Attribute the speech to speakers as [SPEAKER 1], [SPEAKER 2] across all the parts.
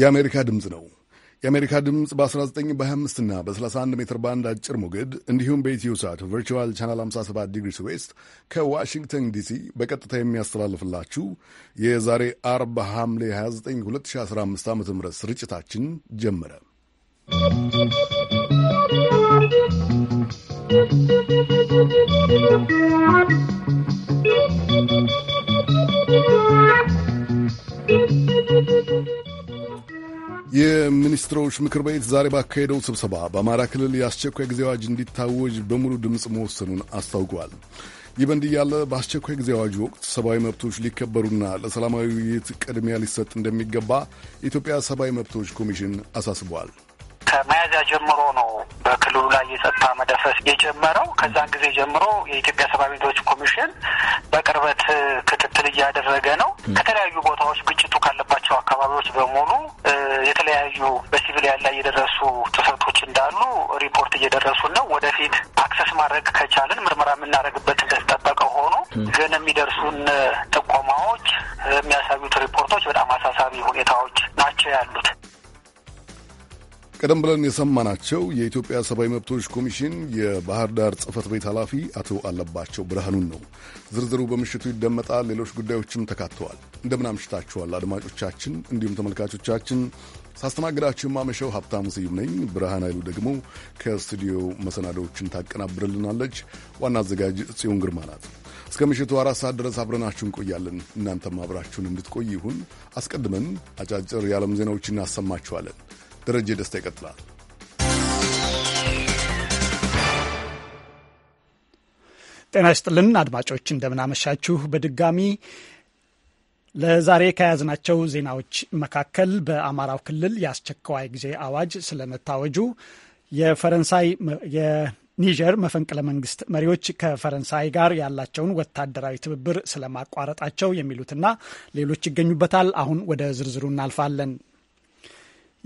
[SPEAKER 1] የአሜሪካ ድምፅ ነው። የአሜሪካ ድምፅ በ19 በ25 እና በ31 ሜትር ባንድ አጭር ሞገድ እንዲሁም በኢትዮ ሳት ቨርቹዋል ቻናል 57 ዲግሪስ ዌስት ከዋሽንግተን ዲሲ በቀጥታ የሚያስተላልፍላችሁ የዛሬ አርብ ሐምሌ 29 2015 ዓ ም ስርጭታችን ጀመረ። ¶¶ የሚኒስትሮች ምክር ቤት ዛሬ ባካሄደው ስብሰባ በአማራ ክልል የአስቸኳይ ጊዜ አዋጅ እንዲታወጅ በሙሉ ድምፅ መወሰኑን አስታውቋል። ይህ በእንዲህ ያለ በአስቸኳይ ጊዜ አዋጅ ወቅት ሰብአዊ መብቶች ሊከበሩና ለሰላማዊ ውይይት ቅድሚያ ሊሰጥ እንደሚገባ የኢትዮጵያ ሰብአዊ መብቶች ኮሚሽን አሳስቧል።
[SPEAKER 2] ከመያዝያ ጀምሮ ነው በክልሉ ላይ የጸጥታ መደፈስ የጀመረው። ከዛን ጊዜ ጀምሮ የኢትዮጵያ ሰብአዊ መብቶች ኮሚሽን በቅርበት ክትትል እያደረገ ነው። ከተለያዩ ቦታዎች ግጭቱ ካለባቸው አካባቢዎች በሙሉ የተለያዩ በሲቪሊያን ላይ የደረሱ ጥሰቶች እንዳሉ ሪፖርት እየደረሱን ነው። ወደፊት አክሰስ ማድረግ ከቻልን ምርመራ የምናደርግበት እንደተጠበቀ ሆኖ ግን የሚደርሱን ጥቆማዎች የሚያሳዩት ሪፖርቶች በጣም አሳሳቢ ሁኔታዎች ናቸው ያሉት።
[SPEAKER 1] ቀደም ብለን የሰማናቸው የኢትዮጵያ ሰብአዊ መብቶች ኮሚሽን የባህር ዳር ጽህፈት ቤት ኃላፊ አቶ አለባቸው ብርሃኑን ነው። ዝርዝሩ በምሽቱ ይደመጣል። ሌሎች ጉዳዮችም ተካተዋል። እንደምን አምሽታችኋል አድማጮቻችን፣ እንዲሁም ተመልካቾቻችን። ሳስተናግዳችሁ የማመሸው ሀብታሙ ስዩም ነኝ። ብርሃን ኃይሉ ደግሞ ከስቱዲዮ መሰናዶዎችን ታቀናብርልናለች። ዋና አዘጋጅ ጽዮን ግርማ ናት። እስከ ምሽቱ አራት ሰዓት ድረስ አብረናችሁ እንቆያለን። እናንተም አብራችሁን እንድትቆይ ይሁን። አስቀድመን አጫጭር የዓለም ዜናዎች እናሰማችኋለን። ደረጀ ደስታ ይቀጥላል።
[SPEAKER 3] ጤና ይስጥልን አድማጮች፣ እንደምናመሻችሁ በድጋሚ ለዛሬ ከያዝናቸው ዜናዎች መካከል በአማራው ክልል የአስቸኳይ ጊዜ አዋጅ ስለመታወጁ፣ የፈረንሳይ የኒጀር መፈንቅለ መንግስት መሪዎች ከፈረንሳይ ጋር ያላቸውን ወታደራዊ ትብብር ስለማቋረጣቸው የሚሉትና ሌሎች ይገኙበታል። አሁን ወደ ዝርዝሩ እናልፋለን።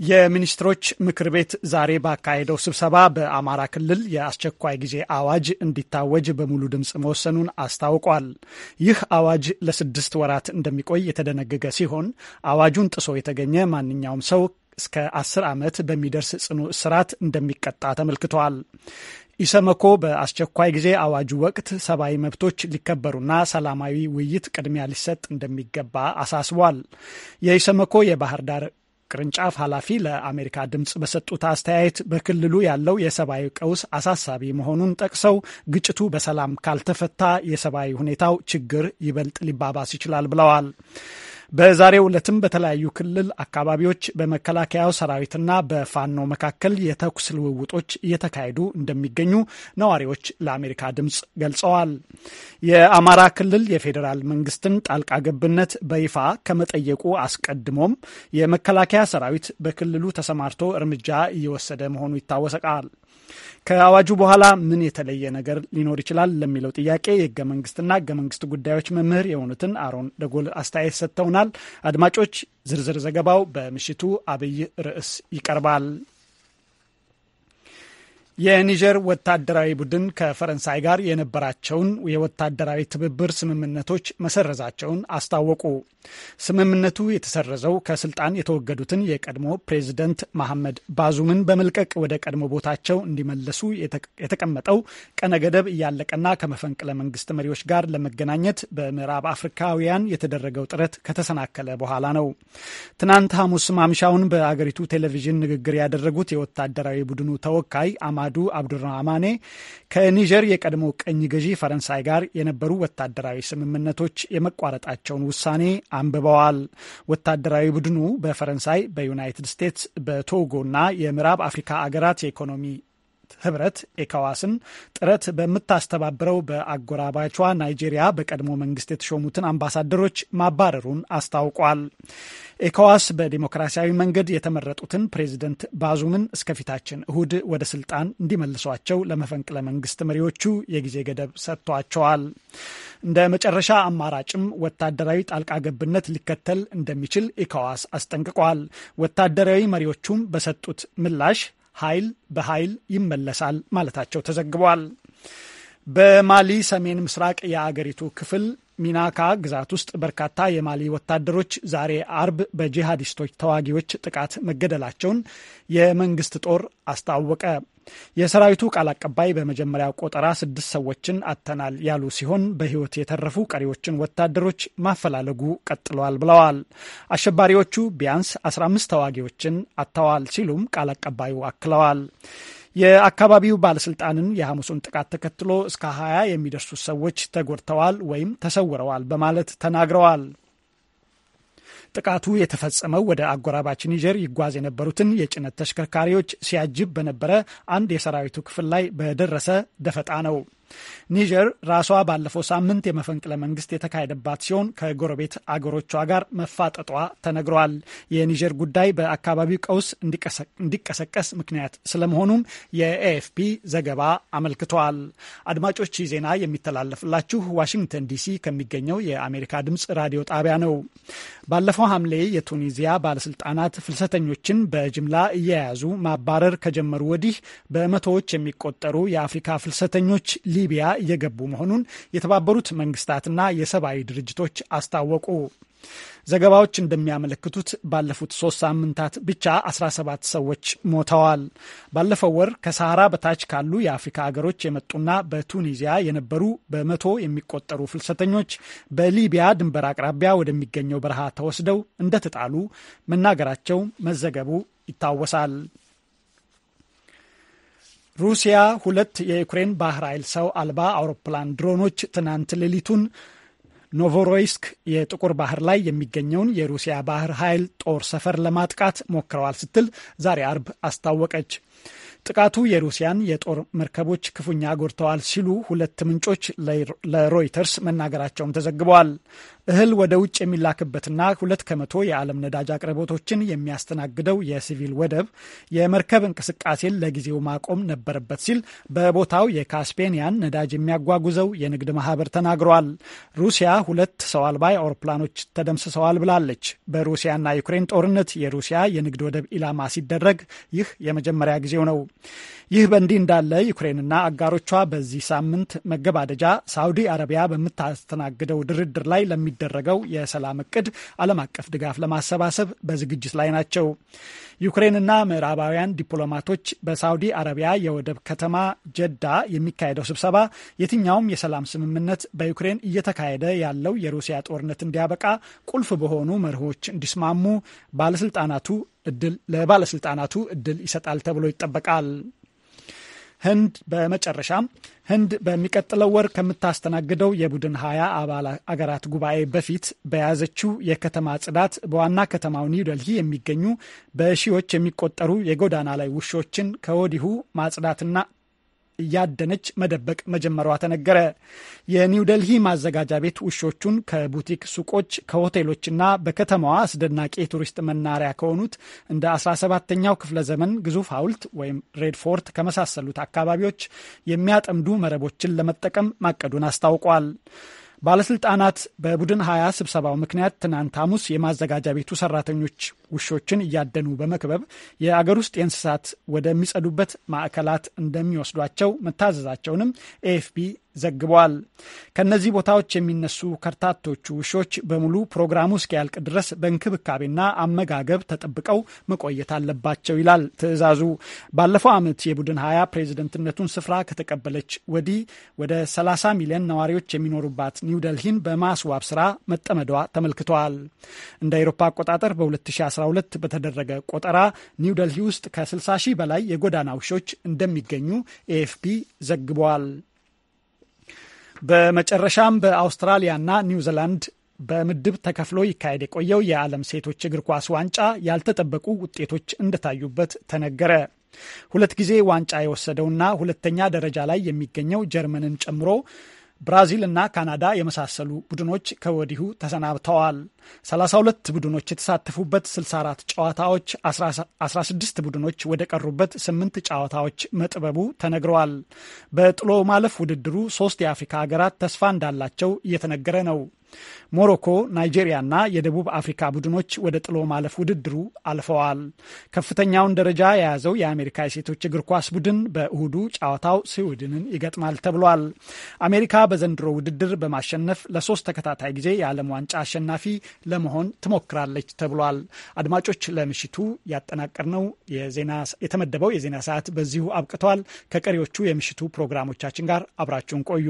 [SPEAKER 3] የሚኒስትሮች ምክር ቤት ዛሬ ባካሄደው ስብሰባ በአማራ ክልል የአስቸኳይ ጊዜ አዋጅ እንዲታወጅ በሙሉ ድምፅ መወሰኑን አስታውቋል። ይህ አዋጅ ለስድስት ወራት እንደሚቆይ የተደነገገ ሲሆን አዋጁን ጥሶ የተገኘ ማንኛውም ሰው እስከ አስር ዓመት በሚደርስ ጽኑ እስራት እንደሚቀጣ ተመልክቷል። ኢሰመኮ በአስቸኳይ ጊዜ አዋጁ ወቅት ሰብአዊ መብቶች ሊከበሩና ሰላማዊ ውይይት ቅድሚያ ሊሰጥ እንደሚገባ አሳስቧል። የኢሰመኮ የባህር ዳር ቅርንጫፍ ኃላፊ ለአሜሪካ ድምፅ በሰጡት አስተያየት በክልሉ ያለው የሰብአዊ ቀውስ አሳሳቢ መሆኑን ጠቅሰው ግጭቱ በሰላም ካልተፈታ የሰብአዊ ሁኔታው ችግር ይበልጥ ሊባባስ ይችላል ብለዋል። በዛሬው ዕለትም በተለያዩ ክልል አካባቢዎች በመከላከያው ሰራዊትና በፋኖ መካከል የተኩስ ልውውጦች እየተካሄዱ እንደሚገኙ ነዋሪዎች ለአሜሪካ ድምፅ ገልጸዋል። የአማራ ክልል የፌዴራል መንግስትን ጣልቃ ገብነት በይፋ ከመጠየቁ አስቀድሞም የመከላከያ ሰራዊት በክልሉ ተሰማርቶ እርምጃ እየወሰደ መሆኑ ይታወሳል። ከአዋጁ በኋላ ምን የተለየ ነገር ሊኖር ይችላል ለሚለው ጥያቄ የህገ መንግስትና ህገ መንግስት ጉዳዮች መምህር የሆኑትን አሮን ደጎል አስተያየት ሰጥተውናል። አድማጮች ዝርዝር ዘገባው በምሽቱ አብይ ርዕስ ይቀርባል። የኒጀር ወታደራዊ ቡድን ከፈረንሳይ ጋር የነበራቸውን የወታደራዊ ትብብር ስምምነቶች መሰረዛቸውን አስታወቁ። ስምምነቱ የተሰረዘው ከስልጣን የተወገዱትን የቀድሞ ፕሬዚደንት መሐመድ ባዙምን በመልቀቅ ወደ ቀድሞ ቦታቸው እንዲመለሱ የተቀመጠው ቀነ ገደብ እያለቀና ከመፈንቅለ መንግስት መሪዎች ጋር ለመገናኘት በምዕራብ አፍሪካውያን የተደረገው ጥረት ከተሰናከለ በኋላ ነው። ትናንት ሐሙስ ማምሻውን በአገሪቱ ቴሌቪዥን ንግግር ያደረጉት የወታደራዊ ቡድኑ ተወካይ አማ አህዱ አብዱራማኔ ከኒጀር የቀድሞ ቅኝ ገዢ ፈረንሳይ ጋር የነበሩ ወታደራዊ ስምምነቶች የመቋረጣቸውን ውሳኔ አንብበዋል። ወታደራዊ ቡድኑ በፈረንሳይ፣ በዩናይትድ ስቴትስ፣ በቶጎና የምዕራብ አፍሪካ አገራት የኢኮኖሚ ህብረት ኤካዋስን ጥረት በምታስተባብረው በአጎራባቿ ናይጄሪያ በቀድሞ መንግስት የተሾሙትን አምባሳደሮች ማባረሩን አስታውቋል። ኤካዋስ በዲሞክራሲያዊ መንገድ የተመረጡትን ፕሬዚደንት ባዙምን እስከፊታችን እሁድ ወደ ስልጣን እንዲመልሷቸው ለመፈንቅለ መንግስት መሪዎቹ የጊዜ ገደብ ሰጥቷቸዋል። እንደ መጨረሻ አማራጭም ወታደራዊ ጣልቃ ገብነት ሊከተል እንደሚችል ኤካዋስ አስጠንቅቋል። ወታደራዊ መሪዎቹም በሰጡት ምላሽ ኃይል በኃይል ይመለሳል ማለታቸው ተዘግቧል። በማሊ ሰሜን ምስራቅ የአገሪቱ ክፍል ሚናካ ግዛት ውስጥ በርካታ የማሊ ወታደሮች ዛሬ አርብ በጂሃዲስቶች ተዋጊዎች ጥቃት መገደላቸውን የመንግስት ጦር አስታወቀ። የሰራዊቱ ቃል አቀባይ በመጀመሪያ ቆጠራ ስድስት ሰዎችን አተናል ያሉ ሲሆን በሕይወት የተረፉ ቀሪዎችን ወታደሮች ማፈላለጉ ቀጥለዋል ብለዋል። አሸባሪዎቹ ቢያንስ 15 ተዋጊዎችን አጥተዋል ሲሉም ቃል አቀባዩ አክለዋል። የአካባቢው ባለስልጣንን የሐሙሱን ጥቃት ተከትሎ እስከ 20 የሚደርሱ ሰዎች ተጎድተዋል ወይም ተሰውረዋል በማለት ተናግረዋል። ጥቃቱ የተፈጸመው ወደ አጎራባች ኒጀር ይጓዝ የነበሩትን የጭነት ተሽከርካሪዎች ሲያጅብ በነበረ አንድ የሰራዊቱ ክፍል ላይ በደረሰ ደፈጣ ነው። ኒጀር ራሷ ባለፈው ሳምንት የመፈንቅለ መንግስት የተካሄደባት ሲሆን ከጎረቤት አገሮቿ ጋር መፋጠጧ ተነግሯል። የኒጀር ጉዳይ በአካባቢው ቀውስ እንዲቀሰቀስ ምክንያት ስለመሆኑም የኤኤፍፒ ዘገባ አመልክቷል። አድማጮች ዜና የሚተላለፍላችሁ ዋሽንግተን ዲሲ ከሚገኘው የአሜሪካ ድምጽ ራዲዮ ጣቢያ ነው። ባለፈው ሐምሌ የቱኒዚያ ባለስልጣናት ፍልሰተኞችን በጅምላ እየያዙ ማባረር ከጀመሩ ወዲህ በመቶዎች የሚቆጠሩ የአፍሪካ ፍልሰተኞች ሊቢያ እየገቡ መሆኑን የተባበሩት መንግስታትና የሰብአዊ ድርጅቶች አስታወቁ። ዘገባዎች እንደሚያመለክቱት ባለፉት ሶስት ሳምንታት ብቻ 17 ሰዎች ሞተዋል። ባለፈው ወር ከሰሃራ በታች ካሉ የአፍሪካ አገሮች የመጡና በቱኒዚያ የነበሩ በመቶ የሚቆጠሩ ፍልሰተኞች በሊቢያ ድንበር አቅራቢያ ወደሚገኘው በረሃ ተወስደው እንደተጣሉ መናገራቸው መዘገቡ ይታወሳል። ሩሲያ ሁለት የዩክሬን ባህር ኃይል ሰው አልባ አውሮፕላን ድሮኖች ትናንት ሌሊቱን ኖቮሮይስክ የጥቁር ባህር ላይ የሚገኘውን የሩሲያ ባህር ኃይል ጦር ሰፈር ለማጥቃት ሞክረዋል ስትል ዛሬ አርብ አስታወቀች። ጥቃቱ የሩሲያን የጦር መርከቦች ክፉኛ ጎድተዋል ሲሉ ሁለት ምንጮች ለሮይተርስ መናገራቸውም ተዘግበዋል። እህል ወደ ውጭ የሚላክበትና ሁለት ከመቶ የዓለም ነዳጅ አቅርቦቶችን የሚያስተናግደው የሲቪል ወደብ የመርከብ እንቅስቃሴን ለጊዜው ማቆም ነበረበት ሲል በቦታው የካስፔኒያን ነዳጅ የሚያጓጉዘው የንግድ ማህበር ተናግሯል። ሩሲያ ሁለት ሰው አልባ አውሮፕላኖች ተደምስሰዋል ብላለች። በሩሲያና ዩክሬን ጦርነት የሩሲያ የንግድ ወደብ ኢላማ ሲደረግ ይህ የመጀመሪያ ጊዜው ነው። ይህ በእንዲህ እንዳለ ዩክሬንና አጋሮቿ በዚህ ሳምንት መገባደጃ ሳውዲ አረቢያ በምታስተናግደው ድርድር ላይ ለሚ ለሚደረገው የሰላም እቅድ ዓለም አቀፍ ድጋፍ ለማሰባሰብ በዝግጅት ላይ ናቸው። ዩክሬንና ምዕራባውያን ዲፕሎማቶች በሳውዲ አረቢያ የወደብ ከተማ ጀዳ የሚካሄደው ስብሰባ የትኛውም የሰላም ስምምነት በዩክሬን እየተካሄደ ያለው የሩሲያ ጦርነት እንዲያበቃ ቁልፍ በሆኑ መርሆች እንዲስማሙ ባለስልጣናቱ እድል ለባለስልጣናቱ እድል ይሰጣል ተብሎ ይጠበቃል። ህንድ በመጨረሻም ህንድ በሚቀጥለው ወር ከምታስተናግደው የቡድን ሀያ አባል አገራት ጉባኤ በፊት በያዘችው የከተማ ጽዳት በዋና ከተማው ኒውደልሂ የሚገኙ በሺዎች የሚቆጠሩ የጎዳና ላይ ውሾችን ከወዲሁ ማጽዳትና እያደነች መደበቅ መጀመሯ ተነገረ። የኒው ደልሂ ማዘጋጃ ቤት ውሾቹን ከቡቲክ ሱቆች፣ ከሆቴሎችና በከተማዋ አስደናቂ የቱሪስት መናሪያ ከሆኑት እንደ 17ኛው ክፍለ ዘመን ግዙፍ ሐውልት ወይም ሬድፎርት ከመሳሰሉት አካባቢዎች የሚያጠምዱ መረቦችን ለመጠቀም ማቀዱን አስታውቋል። ባለስልጣናት በቡድን ሀያ ስብሰባው ምክንያት ትናንት ሐሙስ የማዘጋጃ ቤቱ ሰራተኞች ውሾችን እያደኑ በመክበብ የአገር ውስጥ የእንስሳት ወደሚጸዱበት ማዕከላት እንደሚወስዷቸው መታዘዛቸውንም ኤኤፍፒ ዘግቧል። ከእነዚህ ቦታዎች የሚነሱ ከርታቶቹ ውሾች በሙሉ ፕሮግራሙ እስኪያልቅ ድረስ በእንክብካቤና አመጋገብ ተጠብቀው መቆየት አለባቸው ይላል ትዕዛዙ። ባለፈው ዓመት የቡድን ሀያ ፕሬዝደንትነቱን ስፍራ ከተቀበለች ወዲህ ወደ 30 ሚሊዮን ነዋሪዎች የሚኖሩባት ኒውደልሂን በማስዋብ ስራ መጠመዷ ተመልክተዋል። እንደ አውሮፓ አቆጣጠር በ2015 2012 በተደረገ ቆጠራ ኒውደልሂ ውስጥ ከ60 ሺህ በላይ የጎዳና ውሾች እንደሚገኙ ኤኤፍፒ ዘግቧል። በመጨረሻም በአውስትራሊያና ኒውዚላንድ በምድብ ተከፍሎ ይካሄድ የቆየው የዓለም ሴቶች እግር ኳስ ዋንጫ ያልተጠበቁ ውጤቶች እንደታዩበት ተነገረ። ሁለት ጊዜ ዋንጫ የወሰደውና ሁለተኛ ደረጃ ላይ የሚገኘው ጀርመንን ጨምሮ ብራዚል እና ካናዳ የመሳሰሉ ቡድኖች ከወዲሁ ተሰናብተዋል። 32 ቡድኖች የተሳተፉበት 64 ጨዋታዎች 16 ቡድኖች ወደ ቀሩበት 8 ጨዋታዎች መጥበቡ ተነግረዋል። በጥሎ ማለፍ ውድድሩ ሶስት የአፍሪካ ሀገራት ተስፋ እንዳላቸው እየተነገረ ነው። ሞሮኮ፣ ናይጄሪያና የደቡብ አፍሪካ ቡድኖች ወደ ጥሎ ማለፍ ውድድሩ አልፈዋል። ከፍተኛውን ደረጃ የያዘው የአሜሪካ የሴቶች እግር ኳስ ቡድን በእሁዱ ጨዋታው ስዊድንን ይገጥማል ተብሏል። አሜሪካ በዘንድሮ ውድድር በማሸነፍ ለሶስት ተከታታይ ጊዜ የዓለም ዋንጫ አሸናፊ ለመሆን ትሞክራለች ተብሏል። አድማጮች ለምሽቱ ያጠናቀርነው የተመደበው የዜና ሰዓት በዚሁ አብቅተዋል። ከቀሪዎቹ የምሽቱ ፕሮግራሞቻችን ጋር አብራችሁን ቆዩ።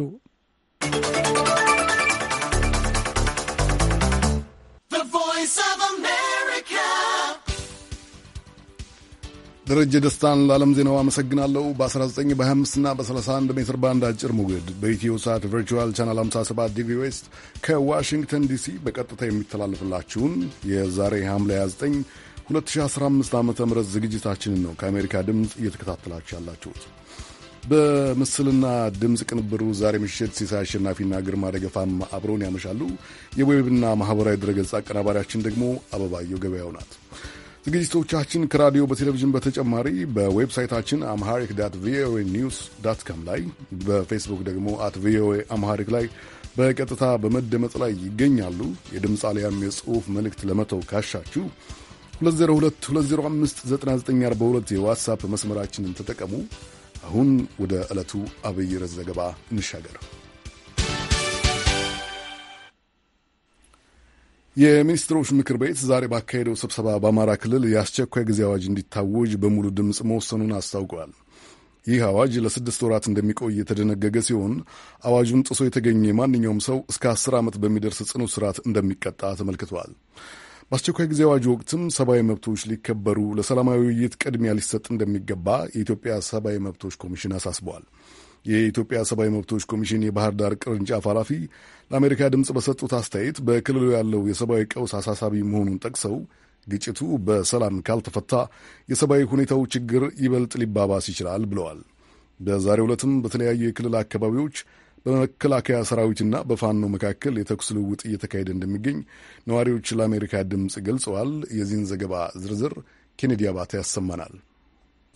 [SPEAKER 1] ደረጀ ደስታን ለዓለም ዜናው አመሰግናለሁ። በ19 25 በ31 ሜትር ባንድ አጭር ሞገድ በኢትዮ ሳት ቨርቹዋል ቻናል 57 ዲቪ ዌስት ከዋሽንግተን ዲሲ በቀጥታ የሚተላልፍላችሁን የዛሬ ሐምሌ 29 2015 ዓ ም ዝግጅታችንን ነው ከአሜሪካ ድምፅ እየተከታተላችሁ ያላችሁት። በምስልና ድምፅ ቅንብሩ ዛሬ ምሽት ሲሳይ አሸናፊና ግርማ ደገፋም አብረውን ያመሻሉ። የዌብና ማኅበራዊ ድረገጽ አቀናባሪያችን ደግሞ አበባየው ገበያው ናት። ዝግጅቶቻችን ከራዲዮ በቴሌቪዥን በተጨማሪ በዌብሳይታችን አምሃሪክ ዳት ቪኦኤ ኒውስ ዳት ካም ላይ በፌስቡክ ደግሞ አት ቪኦኤ አምሃሪክ ላይ በቀጥታ በመደመጥ ላይ ይገኛሉ። የድምፅ አሊያም የጽሑፍ መልእክት ለመተው ካሻችሁ 2022059942 የዋትሳፕ መስመራችንን ተጠቀሙ። አሁን ወደ ዕለቱ አብይ ርዕስ ዘገባ እንሻገር። የሚኒስትሮች ምክር ቤት ዛሬ ባካሄደው ስብሰባ በአማራ ክልል የአስቸኳይ ጊዜ አዋጅ እንዲታወጅ በሙሉ ድምፅ መወሰኑን አስታውቀዋል። ይህ አዋጅ ለስድስት ወራት እንደሚቆይ የተደነገገ ሲሆን አዋጁን ጥሶ የተገኘ ማንኛውም ሰው እስከ አስር ዓመት በሚደርስ ጽኑ ስርዓት እንደሚቀጣ ተመልክተዋል። በአስቸኳይ ጊዜ አዋጅ ወቅትም ሰብአዊ መብቶች ሊከበሩ፣ ለሰላማዊ ውይይት ቅድሚያ ሊሰጥ እንደሚገባ የኢትዮጵያ ሰብአዊ መብቶች ኮሚሽን አሳስበዋል። የኢትዮጵያ ሰብአዊ መብቶች ኮሚሽን የባህር ዳር ቅርንጫፍ ኃላፊ ለአሜሪካ ድምፅ በሰጡት አስተያየት በክልሉ ያለው የሰብአዊ ቀውስ አሳሳቢ መሆኑን ጠቅሰው ግጭቱ በሰላም ካልተፈታ የሰብአዊ ሁኔታው ችግር ይበልጥ ሊባባስ ይችላል ብለዋል። በዛሬ ዕለትም በተለያዩ የክልል አካባቢዎች በመከላከያ ሰራዊትና በፋኖ መካከል የተኩስ ልውውጥ እየተካሄደ እንደሚገኝ ነዋሪዎች ለአሜሪካ ድምፅ ገልጸዋል። የዚህን ዘገባ ዝርዝር ኬኔዲ አባተ ያሰማናል።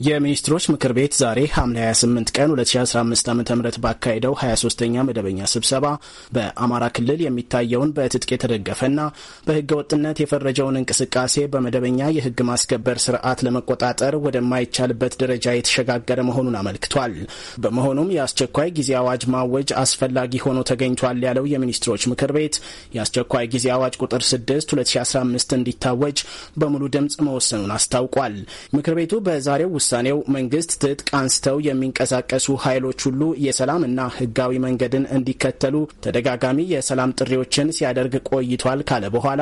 [SPEAKER 1] የሚኒስትሮች
[SPEAKER 4] ምክር ቤት ዛሬ ሐምሌ 28 ቀን 2015 ዓ ም ባካሄደው 23ኛ መደበኛ ስብሰባ በአማራ ክልል የሚታየውን በትጥቅ የተደገፈና በሕገ ወጥነት የፈረጀውን እንቅስቃሴ በመደበኛ የሕግ ማስከበር ስርዓት ለመቆጣጠር ወደማይቻልበት ደረጃ የተሸጋገረ መሆኑን አመልክቷል። በመሆኑም የአስቸኳይ ጊዜ አዋጅ ማወጅ አስፈላጊ ሆኖ ተገኝቷል ያለው የሚኒስትሮች ምክር ቤት የአስቸኳይ ጊዜ አዋጅ ቁጥር 6 2015 እንዲታወጅ በሙሉ ድምፅ መወሰኑን አስታውቋል። ምክር ቤቱ በዛሬው ውሳኔው መንግስት ትጥቅ አንስተው የሚንቀሳቀሱ ኃይሎች ሁሉ የሰላምና ህጋዊ መንገድን እንዲከተሉ ተደጋጋሚ የሰላም ጥሪዎችን ሲያደርግ ቆይቷል ካለ በኋላ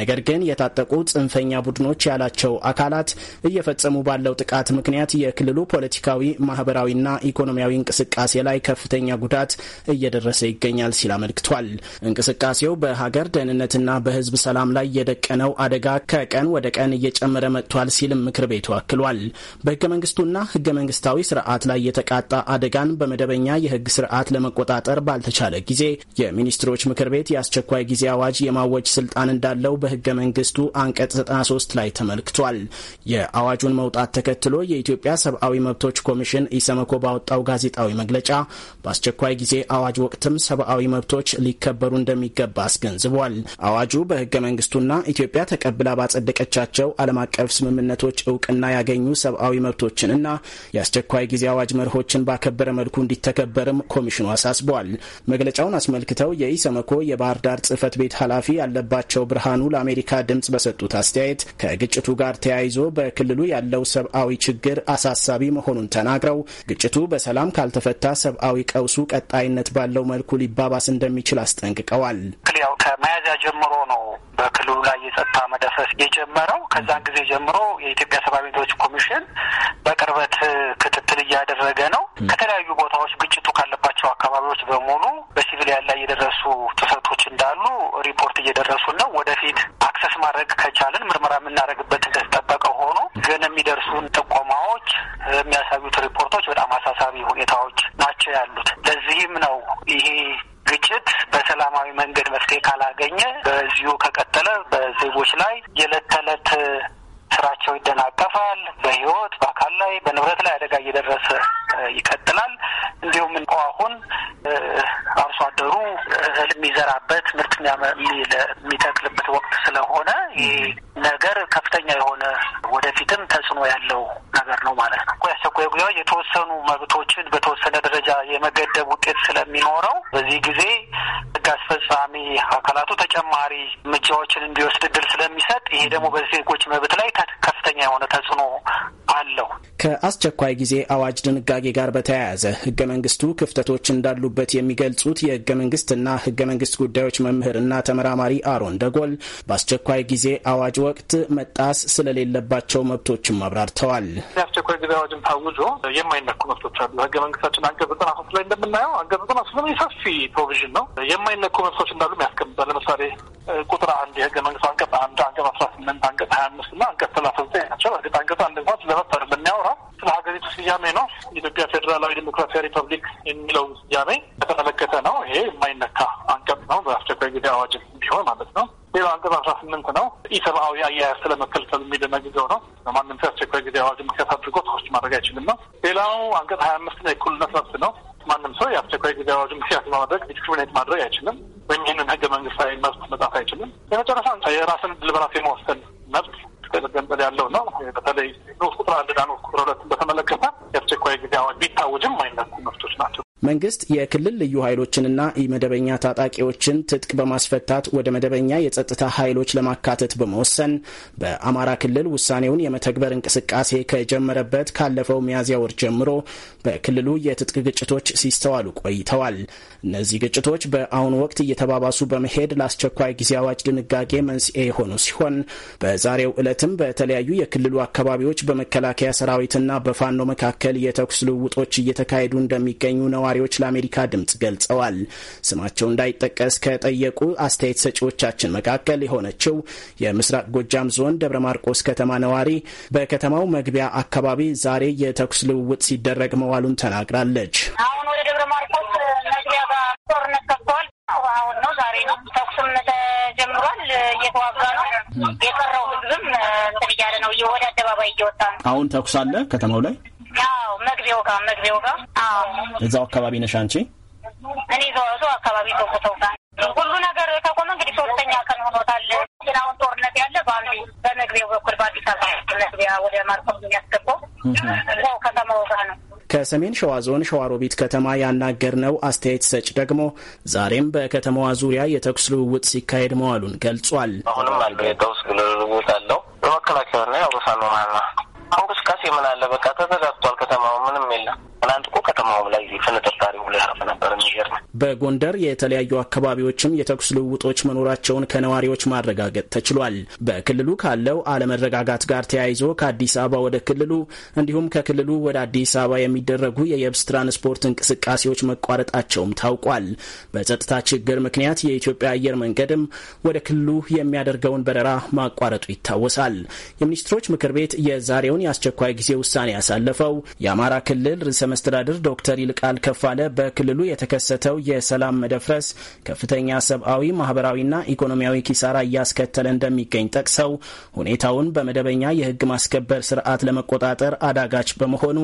[SPEAKER 4] ነገር ግን የታጠቁ ጽንፈኛ ቡድኖች ያላቸው አካላት እየፈጸሙ ባለው ጥቃት ምክንያት የክልሉ ፖለቲካዊ፣ ማህበራዊና ኢኮኖሚያዊ እንቅስቃሴ ላይ ከፍተኛ ጉዳት እየደረሰ ይገኛል ሲል አመልክቷል። እንቅስቃሴው በሀገር ደህንነትና በህዝብ ሰላም ላይ የደቀነው አደጋ ከቀን ወደ ቀን እየጨመረ መጥቷል ሲልም ምክር ቤቱ አክሏል። በሕገ መንግስቱና ህገ መንግስታዊ ስርዓት ላይ የተቃጣ አደጋን በመደበኛ የህግ ስርዓት ለመቆጣጠር ባልተቻለ ጊዜ የሚኒስትሮች ምክር ቤት የአስቸኳይ ጊዜ አዋጅ የማወጅ ስልጣን እንዳለው በህገ መንግስቱ አንቀጽ 93 ላይ ተመልክቷል። የአዋጁን መውጣት ተከትሎ የኢትዮጵያ ሰብአዊ መብቶች ኮሚሽን ኢሰመኮ ባወጣው ጋዜጣዊ መግለጫ በአስቸኳይ ጊዜ አዋጅ ወቅትም ሰብአዊ መብቶች ሊከበሩ እንደሚገባ አስገንዝቧል። አዋጁ በህገ መንግስቱና ኢትዮጵያ ተቀብላ ባጸደቀቻቸው ዓለም አቀፍ ስምምነቶች እውቅና ያገኙ ሰብአዊ መብቶችንና የአስቸኳይ ጊዜ አዋጅ መርሆችን ባከበረ መልኩ እንዲተከበርም ኮሚሽኑ አሳስበዋል። መግለጫውን አስመልክተው የኢሰመኮ የባህር ዳር ጽህፈት ቤት ኃላፊ ያለባቸው ብርሃኑ ለአሜሪካ ድምፅ በሰጡት አስተያየት ከግጭቱ ጋር ተያይዞ በክልሉ ያለው ሰብአዊ ችግር አሳሳቢ መሆኑን ተናግረው ግጭቱ በሰላም ካልተፈታ ሰብአዊ ቀውሱ ቀጣይነት ባለው መልኩ ሊባባስ እንደሚችል አስጠንቅቀዋል።
[SPEAKER 2] ከመያዝያ ጀምሮ ነው በክልሉ ላይ የጸጥታ መደፍረስ የጀመረው ከዛን ጊዜ ጀምሮ የኢትዮጵያ ሰብአዊ መብቶች ኮሚሽን በቅርበት ክትትል እያደረገ ነው። ከተለያዩ ቦታዎች ግጭቱ ካለባቸው አካባቢዎች በሙሉ በሲቪሊያን ላይ የደረሱ ጥሰቶች እንዳሉ ሪፖርት እየደረሱን ነው። ወደፊት አክሰስ ማድረግ ከቻልን ምርመራ የምናደርግበት እንደተጠበቀ ሆኖ ግን የሚደርሱን ጥቆማዎች፣ የሚያሳዩት ሪፖርቶች በጣም አሳሳቢ ሁኔታዎች ናቸው ያሉት። ለዚህም ነው ይሄ ግጭት በሰላማዊ መንገድ መፍትሄ ካላገኘ በዚሁ ከቀጠለ በዜጎች ላይ የዕለት ተዕለት ስራቸው ይደናቀፋል። በህይወት በአካል ላይ በንብረት ላይ አደጋ እየደረሰ ይቀጥላል። እንዲሁም እንኳ አሁን አርሶ አደሩ እህል የሚዘራበት ምርት የሚተክልበት ወቅት ስለሆነ ይህ ነገር ከፍተኛ የሆነ ወደፊትም ተጽዕኖ ያለው የመገደብ ውጤት ስለሚኖረው በዚህ ጊዜ ህግ አስፈጻሚ አካላቱ ተጨማሪ እርምጃዎችን እንዲወስድ እድል
[SPEAKER 4] ስለሚሰጥ ይሄ ደግሞ በዜጎች መብት ላይ ከፍተኛ የሆነ ተጽዕኖ ከአስቸኳይ ጊዜ አዋጅ ድንጋጌ ጋር በተያያዘ ህገ መንግስቱ ክፍተቶች እንዳሉበት የሚገልጹት የህገ መንግስትና ህገ መንግስት ጉዳዮች መምህርና ተመራማሪ አሮን ደጎል በአስቸኳይ ጊዜ አዋጅ ወቅት መጣስ ስለሌለባቸው መብቶችም አብራርተዋል።
[SPEAKER 5] የአስቸኳይ ጊዜ አዋጅን ታውጆ የማይነኩ መብቶች አሉ። ህገ መንግስታችን አንቀጽ ዘጠና ሶስት ላይ እንደምናየው አንቀጽ ዘጠና ሶስት ሰፊ ፕሮቪዥን ነው። የማይነኩ መብቶች እንዳሉ ያስቀምጣል። ለምሳሌ ቁጥር አንድ የህገ መንግስት አንቀጽ አንድ አንቀጽ አስራ ስምንት አንቀጽ ሀያ አምስት እና አንቀጽ ሰላሳ ዘጠኝ ናቸው። እርግጥ አንቀጽ አንድ ነበር የምናወራው። ስለ ሀገሪቱ ስያሜ ነው። የኢትዮጵያ ፌዴራላዊ ዴሞክራሲያዊ ሪፐብሊክ የሚለው ስያሜ የተመለከተ ነው። ይሄ የማይነካ አንቀጽ ነው፣ በአስቸኳይ ጊዜ አዋጅ ቢሆን ማለት ነው። ሌላው አንቀጽ አስራ ስምንት ነው። ኢሰብአዊ አያያዝ ስለመከልከል የሚደነግገው ነው። ማንም ሰው አስቸኳይ ጊዜ አዋጅ ምክንያት አድርጎ ሰዎች ማድረግ አይችልም ነው። ሌላው አንቀጽ ሀያ አምስት ነው፣ የእኩልነት መብት ነው። ማንም ሰው የአስቸኳይ ጊዜ አዋጅ ምክንያት በማድረግ ዲስክሪሚኔት ማድረግ አይችልም፣ ወይም ይህንን ህገ መንግስታዊ መብት መጣት አይችልም። የመጨረሻ የራስን ድል በራስ የመወሰን መብት ሲገለገል ያለው ነው። በተለይ ንዑስ ቁጥር አንድና ንዑስ ቁጥር ሁለትን በተመለከተ የአስቸኳይ ጊዜ አዋጅ ቢታወጅም
[SPEAKER 4] አይነኩ መብቶች ናቸው። መንግስት የክልል ልዩ ኃይሎችንና የመደበኛ ታጣቂዎችን ትጥቅ በማስፈታት ወደ መደበኛ የጸጥታ ኃይሎች ለማካተት በመወሰን በአማራ ክልል ውሳኔውን የመተግበር እንቅስቃሴ ከጀመረበት ካለፈው ሚያዝያ ወር ጀምሮ በክልሉ የትጥቅ ግጭቶች ሲስተዋሉ ቆይተዋል። እነዚህ ግጭቶች በአሁኑ ወቅት እየተባባሱ በመሄድ ለአስቸኳይ ጊዜ አዋጅ ድንጋጌ መንስኤ የሆኑ ሲሆን በዛሬው ዕለትም በተለያዩ የክልሉ አካባቢዎች በመከላከያ ሰራዊትና በፋኖ መካከል የተኩስ ልውውጦች እየተካሄዱ እንደሚገኙ ነዋሪዎች ለአሜሪካ ድምፅ ገልጸዋል። ስማቸው እንዳይጠቀስ ከጠየቁ አስተያየት ሰጪዎቻችን መካከል የሆነችው የምስራቅ ጎጃም ዞን ደብረ ማርቆስ ከተማ ነዋሪ በከተማው መግቢያ አካባቢ ዛሬ የተኩስ ልውውጥ ሲደረግ መዋሉን ተናግራለች። ዛሬ ነው።
[SPEAKER 2] ተኩስም ተጀምሯል። እየተዋጋ ነው። የቀረው ህዝብም እንትን እያለ ነው። ወደ አደባባይ እየወጣ
[SPEAKER 4] ነው። አሁን ተኩስ አለ ከተማው ላይ።
[SPEAKER 2] ያው መግቢያው ጋር መግቢያው ጋር
[SPEAKER 4] እዛው አካባቢ ነሽ አንቺ?
[SPEAKER 2] እኔ እዛው አካባቢ ተኩሰው ጋር ሁሉ ነገር ከቆመ እንግዲህ ሶስተኛ ቀን ሆኖታል። ናሁን ጦርነት ያለ በአንዱ በመግቢያው በኩል በአዲስ አበባ መግቢያ ወደ ማርቆስ የሚያስገባው እዛው ከተማው ጋር ነው።
[SPEAKER 4] ከሰሜን ሸዋ ዞን ሸዋሮቢት ከተማ ያናገርነው አስተያየት ሰጭ ደግሞ ዛሬም በከተማዋ ዙሪያ የተኩስ ልውውጥ ሲካሄድ መዋሉን ገልጿል።
[SPEAKER 2] አሁንም አንድ የተኩስ ልውውጥ አለው በመከላከያና ያው በፋኖ ማለት ነው። ምን አለ በቃ ተዘጋግቷል። ከተማው ምንም የለም። ትናንት እኮ ከተማውም ላይ ፍንጥርታሪ ብሎ ያረፈ ነበር። የሚገርም
[SPEAKER 4] በጎንደር የተለያዩ አካባቢዎችም የተኩስ ልውውጦች መኖራቸውን ከነዋሪዎች ማረጋገጥ ተችሏል። በክልሉ ካለው አለመረጋጋት ጋር ተያይዞ ከአዲስ አበባ ወደ ክልሉ እንዲሁም ከክልሉ ወደ አዲስ አበባ የሚደረጉ የየብስ ትራንስፖርት እንቅስቃሴዎች መቋረጣቸውም ታውቋል። በጸጥታ ችግር ምክንያት የኢትዮጵያ አየር መንገድም ወደ ክልሉ የሚያደርገውን በረራ ማቋረጡ ይታወሳል። የሚኒስትሮች ምክር ቤት የዛሬውን የአስቸኳይ ጊዜ ውሳኔ ያሳለፈው የአማራ ክልል ርዕሰ መስተዳድር ዶክተር ይልቃል ከፋለ በክልሉ የተከሰተው የሰላም መደፍረስ ከፍተኛ ሰብአዊ፣ ማህበራዊና ኢኮኖሚያዊ ኪሳራ እያስከተለ እንደሚገኝ ጠቅሰው ሁኔታውን በመደበኛ የህግ ማስከበር ስርዓት ለመቆጣጠር አዳጋች በመሆኑ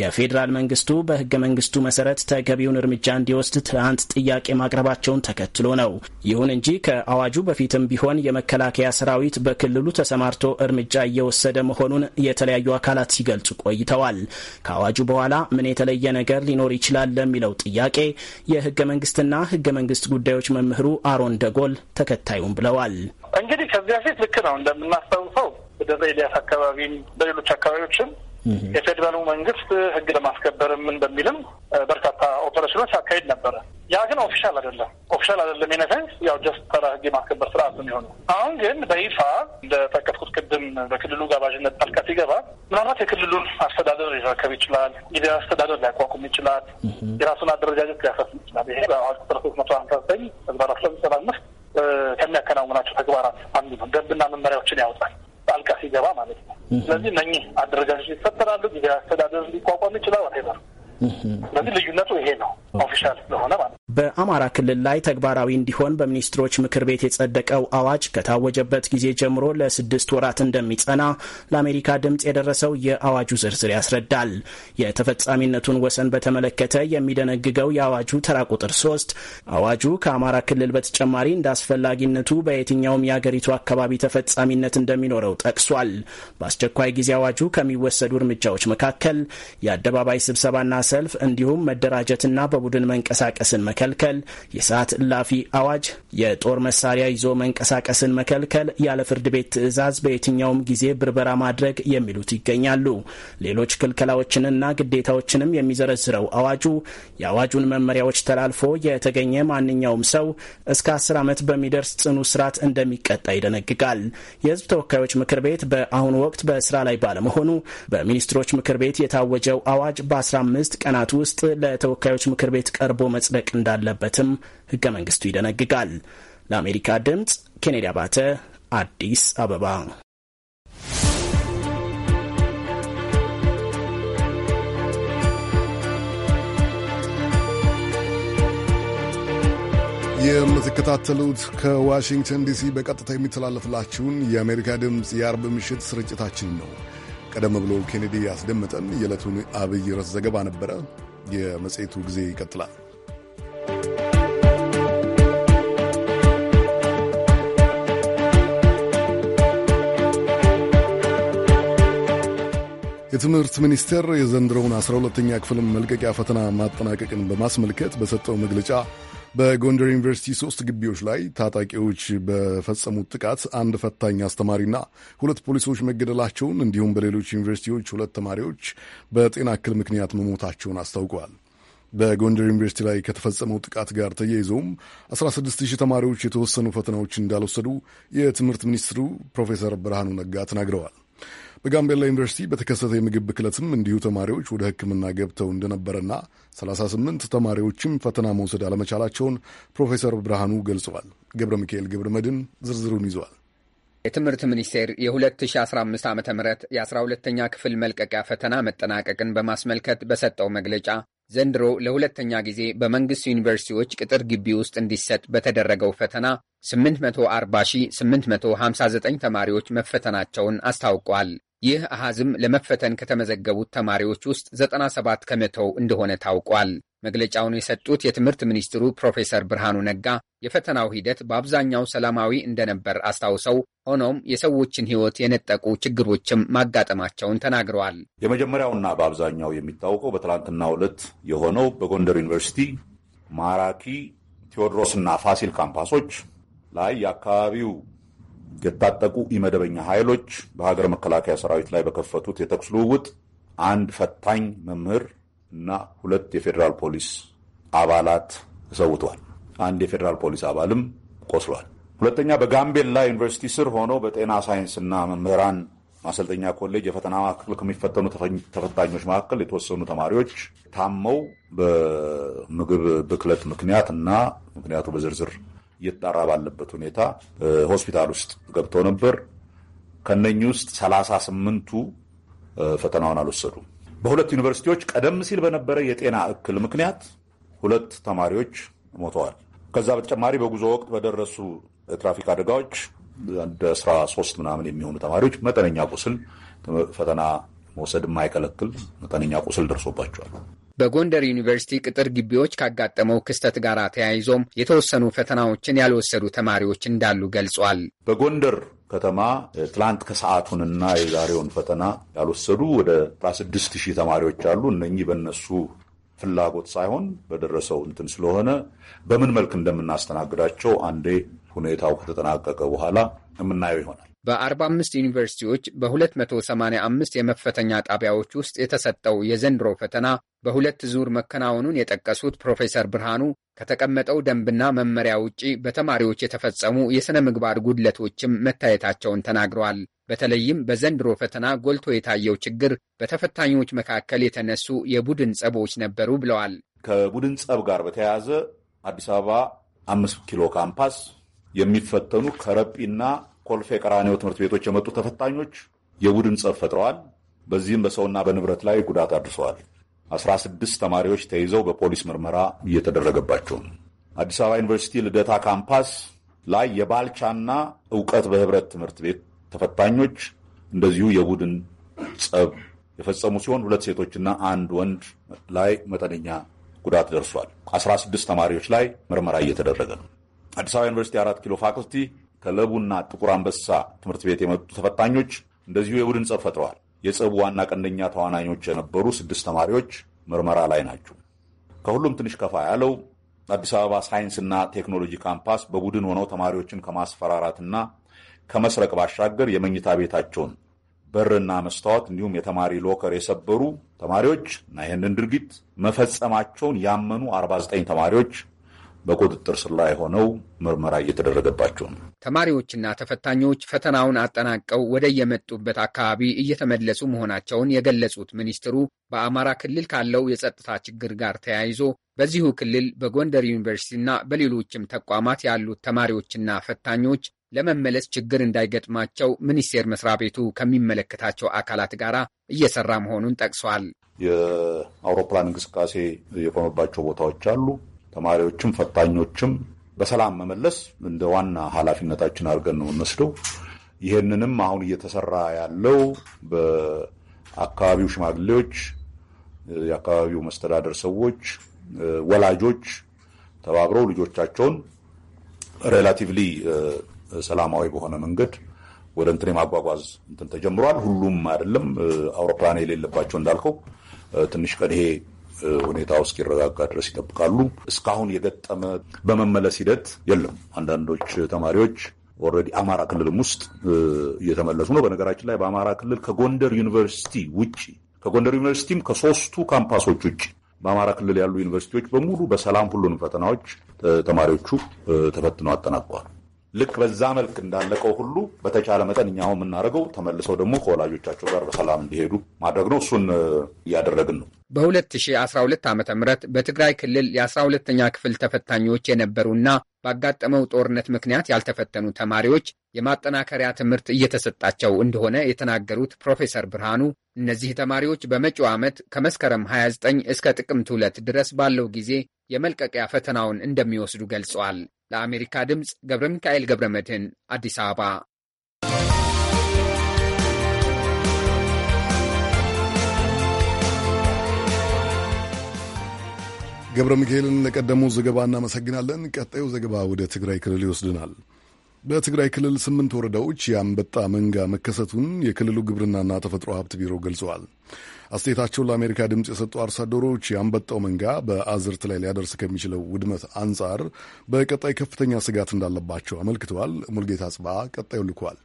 [SPEAKER 4] የፌዴራል መንግስቱ በህገ መንግስቱ መሰረት ተገቢውን እርምጃ እንዲወስድ ትናንት ጥያቄ ማቅረባቸውን ተከትሎ ነው። ይሁን እንጂ ከአዋጁ በፊትም ቢሆን የመከላከያ ሰራዊት በክልሉ ተሰማርቶ እርምጃ እየወሰደ መሆኑን የተለያዩ አካላት አካላት ሲገልጹ ቆይተዋል። ከአዋጁ በኋላ ምን የተለየ ነገር ሊኖር ይችላል ለሚለው ጥያቄ የህገ መንግስትና ህገ መንግስት ጉዳዮች መምህሩ አሮን ደጎል ተከታዩም ብለዋል።
[SPEAKER 5] እንግዲህ ከዚያ በፊት ልክ ነው እንደምናስታውሰው በደብረ ኤልያስ አካባቢም በሌሎች አካባቢዎችም የፌዴራሉ መንግስት ህግ ለማስከበር ምን በሚልም በርካታ ኦፐሬሽኖች አካሄድ ነበረ። ያ ግን ኦፊሻል አይደለም። ኦፊሻል አይደለም ኢነሴንስ ያው ጀስት ተራ ህግ የማስከበር ስርዓት ነው የሚሆነው። አሁን ግን በይፋ እንደጠቀስኩት ቅድም በክልሉ ጋባዥነት ጣልቃ ሲገባ ምናልባት የክልሉን አስተዳደር ሊረከብ ይችላል። ጊዜ አስተዳደር ሊያቋቁም ይችላል። የራሱን አደረጃጀት ሊያሰፍን ይችላል። ይሄ በአዋጅ ቁጥር ሶስት መቶ ሀምሳ ዘጠኝ ተግባር አስራ ከሚያከናውናቸው ተግባራት አንዱ ነው። ደንብና መመሪያዎችን ያወጣል ጣልቃ ሲገባ ማለት ነው። ስለዚህ እነኚህ አደረጃጀቶች ይፈጠራሉ፣ ጊዜ አስተዳደር ሊቋቋም ይችላል። ዋቴቨር ስለዚህ ልዩነቱ ይሄ ነው። ኦፊሻል
[SPEAKER 4] ስለሆነ ማለት በአማራ ክልል ላይ ተግባራዊ እንዲሆን በሚኒስትሮች ምክር ቤት የጸደቀው አዋጅ ከታወጀበት ጊዜ ጀምሮ ለስድስት ወራት እንደሚጸና ለአሜሪካ ድምፅ የደረሰው የአዋጁ ዝርዝር ያስረዳል። የተፈጻሚነቱን ወሰን በተመለከተ የሚደነግገው የአዋጁ ተራ ቁጥር ሶስት አዋጁ ከአማራ ክልል በተጨማሪ እንደ አስፈላጊነቱ በየትኛውም የአገሪቱ አካባቢ ተፈጻሚነት እንደሚኖረው ጠቅሷል። በአስቸኳይ ጊዜ አዋጁ ከሚወሰዱ እርምጃዎች መካከል የአደባባይ ስብሰባና ሰልፍ እንዲሁም መደራጀትና በቡድን መንቀሳቀስን መከልከል፣ የሰዓት እላፊ አዋጅ፣ የጦር መሳሪያ ይዞ መንቀሳቀስን መከልከል፣ ያለ ፍርድ ቤት ትዕዛዝ በየትኛውም ጊዜ ብርበራ ማድረግ የሚሉት ይገኛሉ። ሌሎች ክልከላዎችንና ግዴታዎችንም የሚዘረዝረው አዋጁ የአዋጁን መመሪያዎች ተላልፎ የተገኘ ማንኛውም ሰው እስከ አስር ዓመት በሚደርስ ጽኑ እስራት እንደሚቀጣ ይደነግጋል። የህዝብ ተወካዮች ምክር ቤት በአሁኑ ወቅት በስራ ላይ ባለመሆኑ በሚኒስትሮች ምክር ቤት የታወጀው አዋጅ በ15 ቀናት ውስጥ ለተወካዮች ምክር ቤት ቀርቦ መጽደቅ እንዳለበትም ህገ መንግስቱ ይደነግጋል። ለአሜሪካ ድምፅ ኬኔዲ አባተ አዲስ አበባ።
[SPEAKER 1] የምትከታተሉት ከዋሽንግተን ዲሲ በቀጥታ የሚተላለፍላችሁን የአሜሪካ ድምፅ የአርብ ምሽት ስርጭታችን ነው። ቀደም ብሎ ኬኔዲ ያስደመጠን የዕለቱን አብይ ርዕስ ዘገባ ነበረ። የመጽሔቱ ጊዜ ይቀጥላል። የትምህርት ሚኒስቴር የዘንድሮውን 12ኛ ክፍል መልቀቂያ ፈተና ማጠናቀቅን በማስመልከት በሰጠው መግለጫ በጎንደር ዩኒቨርሲቲ ሶስት ግቢዎች ላይ ታጣቂዎች በፈጸሙት ጥቃት አንድ ፈታኝ አስተማሪና ሁለት ፖሊሶች መገደላቸውን እንዲሁም በሌሎች ዩኒቨርሲቲዎች ሁለት ተማሪዎች በጤና እክል ምክንያት መሞታቸውን አስታውቀዋል። በጎንደር ዩኒቨርሲቲ ላይ ከተፈጸመው ጥቃት ጋር ተያይዘውም 16000 ተማሪዎች የተወሰኑ ፈተናዎች እንዳልወሰዱ የትምህርት ሚኒስትሩ ፕሮፌሰር ብርሃኑ ነጋ ተናግረዋል። በጋምቤላ ዩኒቨርሲቲ በተከሰተ የምግብ ብክለትም እንዲሁ ተማሪዎች ወደ ሕክምና ገብተው እንደነበረና 38 ተማሪዎችም ፈተና መውሰድ አለመቻላቸውን ፕሮፌሰር ብርሃኑ ገልጸዋል። ገብረ ሚካኤል ገብረ መድን ዝርዝሩን ይዘዋል።
[SPEAKER 6] የትምህርት ሚኒስቴር የ2015 ዓ ም የ12ተኛ ክፍል መልቀቂያ ፈተና መጠናቀቅን በማስመልከት በሰጠው መግለጫ ዘንድሮ ለሁለተኛ ጊዜ በመንግሥት ዩኒቨርሲቲዎች ቅጥር ግቢ ውስጥ እንዲሰጥ በተደረገው ፈተና 840859 ተማሪዎች መፈተናቸውን አስታውቋል። ይህ አሃዝም ለመፈተን ከተመዘገቡት ተማሪዎች ውስጥ 97 ከመቶው እንደሆነ ታውቋል። መግለጫውን የሰጡት የትምህርት ሚኒስትሩ ፕሮፌሰር ብርሃኑ ነጋ የፈተናው ሂደት በአብዛኛው ሰላማዊ እንደነበር አስታውሰው ሆኖም የሰዎችን
[SPEAKER 7] ሕይወት የነጠቁ ችግሮችም ማጋጠማቸውን ተናግረዋል። የመጀመሪያውና በአብዛኛው የሚታወቀው በትላንትናው ዕለት የሆነው በጎንደር ዩኒቨርሲቲ ማራኪ ቴዎድሮስና ፋሲል ካምፓሶች ላይ የአካባቢው የታጠቁ ኢመደበኛ ኃይሎች በሀገር መከላከያ ሰራዊት ላይ በከፈቱት የተኩስ ልውውጥ አንድ ፈታኝ መምህር እና ሁለት የፌዴራል ፖሊስ አባላት ተሰውተዋል። አንድ የፌዴራል ፖሊስ አባልም ቆስሏል። ሁለተኛ በጋምቤላ ዩኒቨርሲቲ ስር ሆነው በጤና ሳይንስና መምህራን ማሰልጠኛ ኮሌጅ የፈተና ክፍል ከሚፈተኑ ተፈታኞች መካከል የተወሰኑ ተማሪዎች ታመው በምግብ ብክለት ምክንያት እና ምክንያቱ በዝርዝር እየተጣራ ባለበት ሁኔታ ሆስፒታል ውስጥ ገብተው ነበር። ከነኚህ ውስጥ ሰላሳ ስምንቱ ፈተናውን አልወሰዱም። በሁለት ዩኒቨርሲቲዎች ቀደም ሲል በነበረ የጤና እክል ምክንያት ሁለት ተማሪዎች ሞተዋል። ከዛ በተጨማሪ በጉዞ ወቅት በደረሱ የትራፊክ አደጋዎች እንደ አስራ ሶስት ምናምን የሚሆኑ ተማሪዎች መጠነኛ ቁስል ፈተና መውሰድ የማይከለክል መጠነኛ ቁስል ደርሶባቸዋል።
[SPEAKER 6] በጎንደር ዩኒቨርሲቲ ቅጥር ግቢዎች ካጋጠመው ክስተት ጋር ተያይዞም የተወሰኑ
[SPEAKER 7] ፈተናዎችን ያልወሰዱ ተማሪዎች እንዳሉ ገልጿል። በጎንደር ከተማ ትላንት ከሰዓቱንና የዛሬውን ፈተና ያልወሰዱ ወደ 16 ሺህ ተማሪዎች አሉ። እነኚህ በእነሱ ፍላጎት ሳይሆን በደረሰው እንትን ስለሆነ በምን መልክ እንደምናስተናግዳቸው አንዴ ሁኔታው ከተጠናቀቀ በኋላ የምናየው ይሆናል። በ45
[SPEAKER 6] ዩኒቨርሲቲዎች በ285 የመፈተኛ ጣቢያዎች ውስጥ የተሰጠው የዘንድሮ ፈተና በሁለት ዙር መከናወኑን የጠቀሱት ፕሮፌሰር ብርሃኑ ከተቀመጠው ደንብና መመሪያ ውጪ በተማሪዎች የተፈጸሙ የሥነ ምግባር ጉድለቶችም መታየታቸውን ተናግረዋል። በተለይም በዘንድሮ ፈተና ጎልቶ የታየው ችግር በተፈታኞች መካከል የተነሱ
[SPEAKER 7] የቡድን ጸቦች ነበሩ ብለዋል። ከቡድን ጸብ ጋር በተያያዘ አዲስ አበባ አምስት ኪሎ ካምፓስ የሚፈተኑ ከረጲና ኮልፌ ቀራኒዮ ትምህርት ቤቶች የመጡ ተፈታኞች የቡድን ጸብ ፈጥረዋል። በዚህም በሰውና በንብረት ላይ ጉዳት አድርሰዋል። 16 ተማሪዎች ተይዘው በፖሊስ ምርመራ እየተደረገባቸው ነው። አዲስ አበባ ዩኒቨርሲቲ ልደታ ካምፓስ ላይ የባልቻና እውቀት በህብረት ትምህርት ቤት ተፈታኞች እንደዚሁ የቡድን ጸብ የፈጸሙ ሲሆን ሁለት ሴቶችና አንድ ወንድ ላይ መጠነኛ ጉዳት ደርሷል። 16 ተማሪዎች ላይ ምርመራ እየተደረገ ነው። አዲስ አበባ ዩኒቨርሲቲ አራት ኪሎ ፋኩልቲ ከለቡና ጥቁር አንበሳ ትምህርት ቤት የመጡ ተፈታኞች እንደዚሁ የቡድን ጸብ ፈጥረዋል። የጸቡ ዋና ቀንደኛ ተዋናኞች የነበሩ ስድስት ተማሪዎች ምርመራ ላይ ናቸው። ከሁሉም ትንሽ ከፋ ያለው አዲስ አበባ ሳይንስና ቴክኖሎጂ ካምፓስ በቡድን ሆነው ተማሪዎችን ከማስፈራራትና ከመስረቅ ባሻገር የመኝታ ቤታቸውን በርና መስታወት እንዲሁም የተማሪ ሎከር የሰበሩ ተማሪዎች እና ይህንን ድርጊት መፈጸማቸውን ያመኑ 49 ተማሪዎች በቁጥጥር ስር ላይ ሆነው ምርመራ እየተደረገባቸው ነው።
[SPEAKER 6] ተማሪዎችና ተፈታኞች ፈተናውን አጠናቀው ወደ የመጡበት አካባቢ እየተመለሱ መሆናቸውን የገለጹት ሚኒስትሩ በአማራ ክልል ካለው የጸጥታ ችግር ጋር ተያይዞ በዚሁ ክልል በጎንደር ዩኒቨርሲቲና በሌሎችም ተቋማት ያሉት ተማሪዎችና ፈታኞች ለመመለስ ችግር እንዳይገጥማቸው ሚኒስቴር መስሪያ ቤቱ ከሚመለከታቸው አካላት ጋር እየሰራ መሆኑን ጠቅሷል።
[SPEAKER 7] የአውሮፕላን እንቅስቃሴ የቆመባቸው ቦታዎች አሉ። ተማሪዎችም ፈታኞችም በሰላም መመለስ እንደ ዋና ኃላፊነታችን አድርገን ነው የምንወስደው። ይህንንም አሁን እየተሰራ ያለው በአካባቢው ሽማግሌዎች፣ የአካባቢው መስተዳደር ሰዎች፣ ወላጆች ተባብረው ልጆቻቸውን ሬላቲቭሊ ሰላማዊ በሆነ መንገድ ወደ እንትን የማጓጓዝ እንትን ተጀምሯል። ሁሉም አይደለም። አውሮፕላን የሌለባቸው እንዳልከው ትንሽ ቀድሄ ሁኔታው እስኪረጋጋ ድረስ ይጠብቃሉ። እስካሁን የገጠመ በመመለስ ሂደት የለም። አንዳንዶች ተማሪዎች ኦልሬዲ አማራ ክልልም ውስጥ እየተመለሱ ነው። በነገራችን ላይ በአማራ ክልል ከጎንደር ዩኒቨርሲቲ ውጭ ከጎንደር ዩኒቨርሲቲም ከሶስቱ ካምፓሶች ውጭ በአማራ ክልል ያሉ ዩኒቨርሲቲዎች በሙሉ በሰላም ሁሉንም ፈተናዎች ተማሪዎቹ ተፈትነው አጠናቋል። ልክ በዛ መልክ እንዳለቀው ሁሉ በተቻለ መጠን እኛ አሁን የምናደርገው ተመልሰው ደግሞ ከወላጆቻቸው ጋር በሰላም እንዲሄዱ ማድረግ ነው። እሱን እያደረግን ነው።
[SPEAKER 6] በ2012 ዓ ም በትግራይ ክልል የ12ኛ ክፍል ተፈታኞች የነበሩና ባጋጠመው ጦርነት ምክንያት ያልተፈተኑ ተማሪዎች የማጠናከሪያ ትምህርት እየተሰጣቸው እንደሆነ የተናገሩት ፕሮፌሰር ብርሃኑ እነዚህ ተማሪዎች በመጪው ዓመት ከመስከረም 29 እስከ ጥቅምት 2 ድረስ ባለው ጊዜ የመልቀቂያ ፈተናውን እንደሚወስዱ ገልጸዋል። ለአሜሪካ ድምፅ ገብረ ሚካኤል ገብረ መድህን አዲስ አበባ
[SPEAKER 1] ገብረ ሚካኤልን ለቀደመው ዘገባ እናመሰግናለን። ቀጣዩ ዘገባ ወደ ትግራይ ክልል ይወስድናል። በትግራይ ክልል ስምንት ወረዳዎች የአንበጣ መንጋ መከሰቱን የክልሉ ግብርናና ተፈጥሮ ሀብት ቢሮ ገልጸዋል። አስተያየታቸውን ለአሜሪካ ድምፅ የሰጡ አርሶ አደሮች የአንበጣው መንጋ በአዝርት ላይ ሊያደርስ ከሚችለው ውድመት አንጻር በቀጣይ ከፍተኛ ስጋት እንዳለባቸው አመልክተዋል። ሙልጌታ ጽባ ቀጣዩ ልኳል።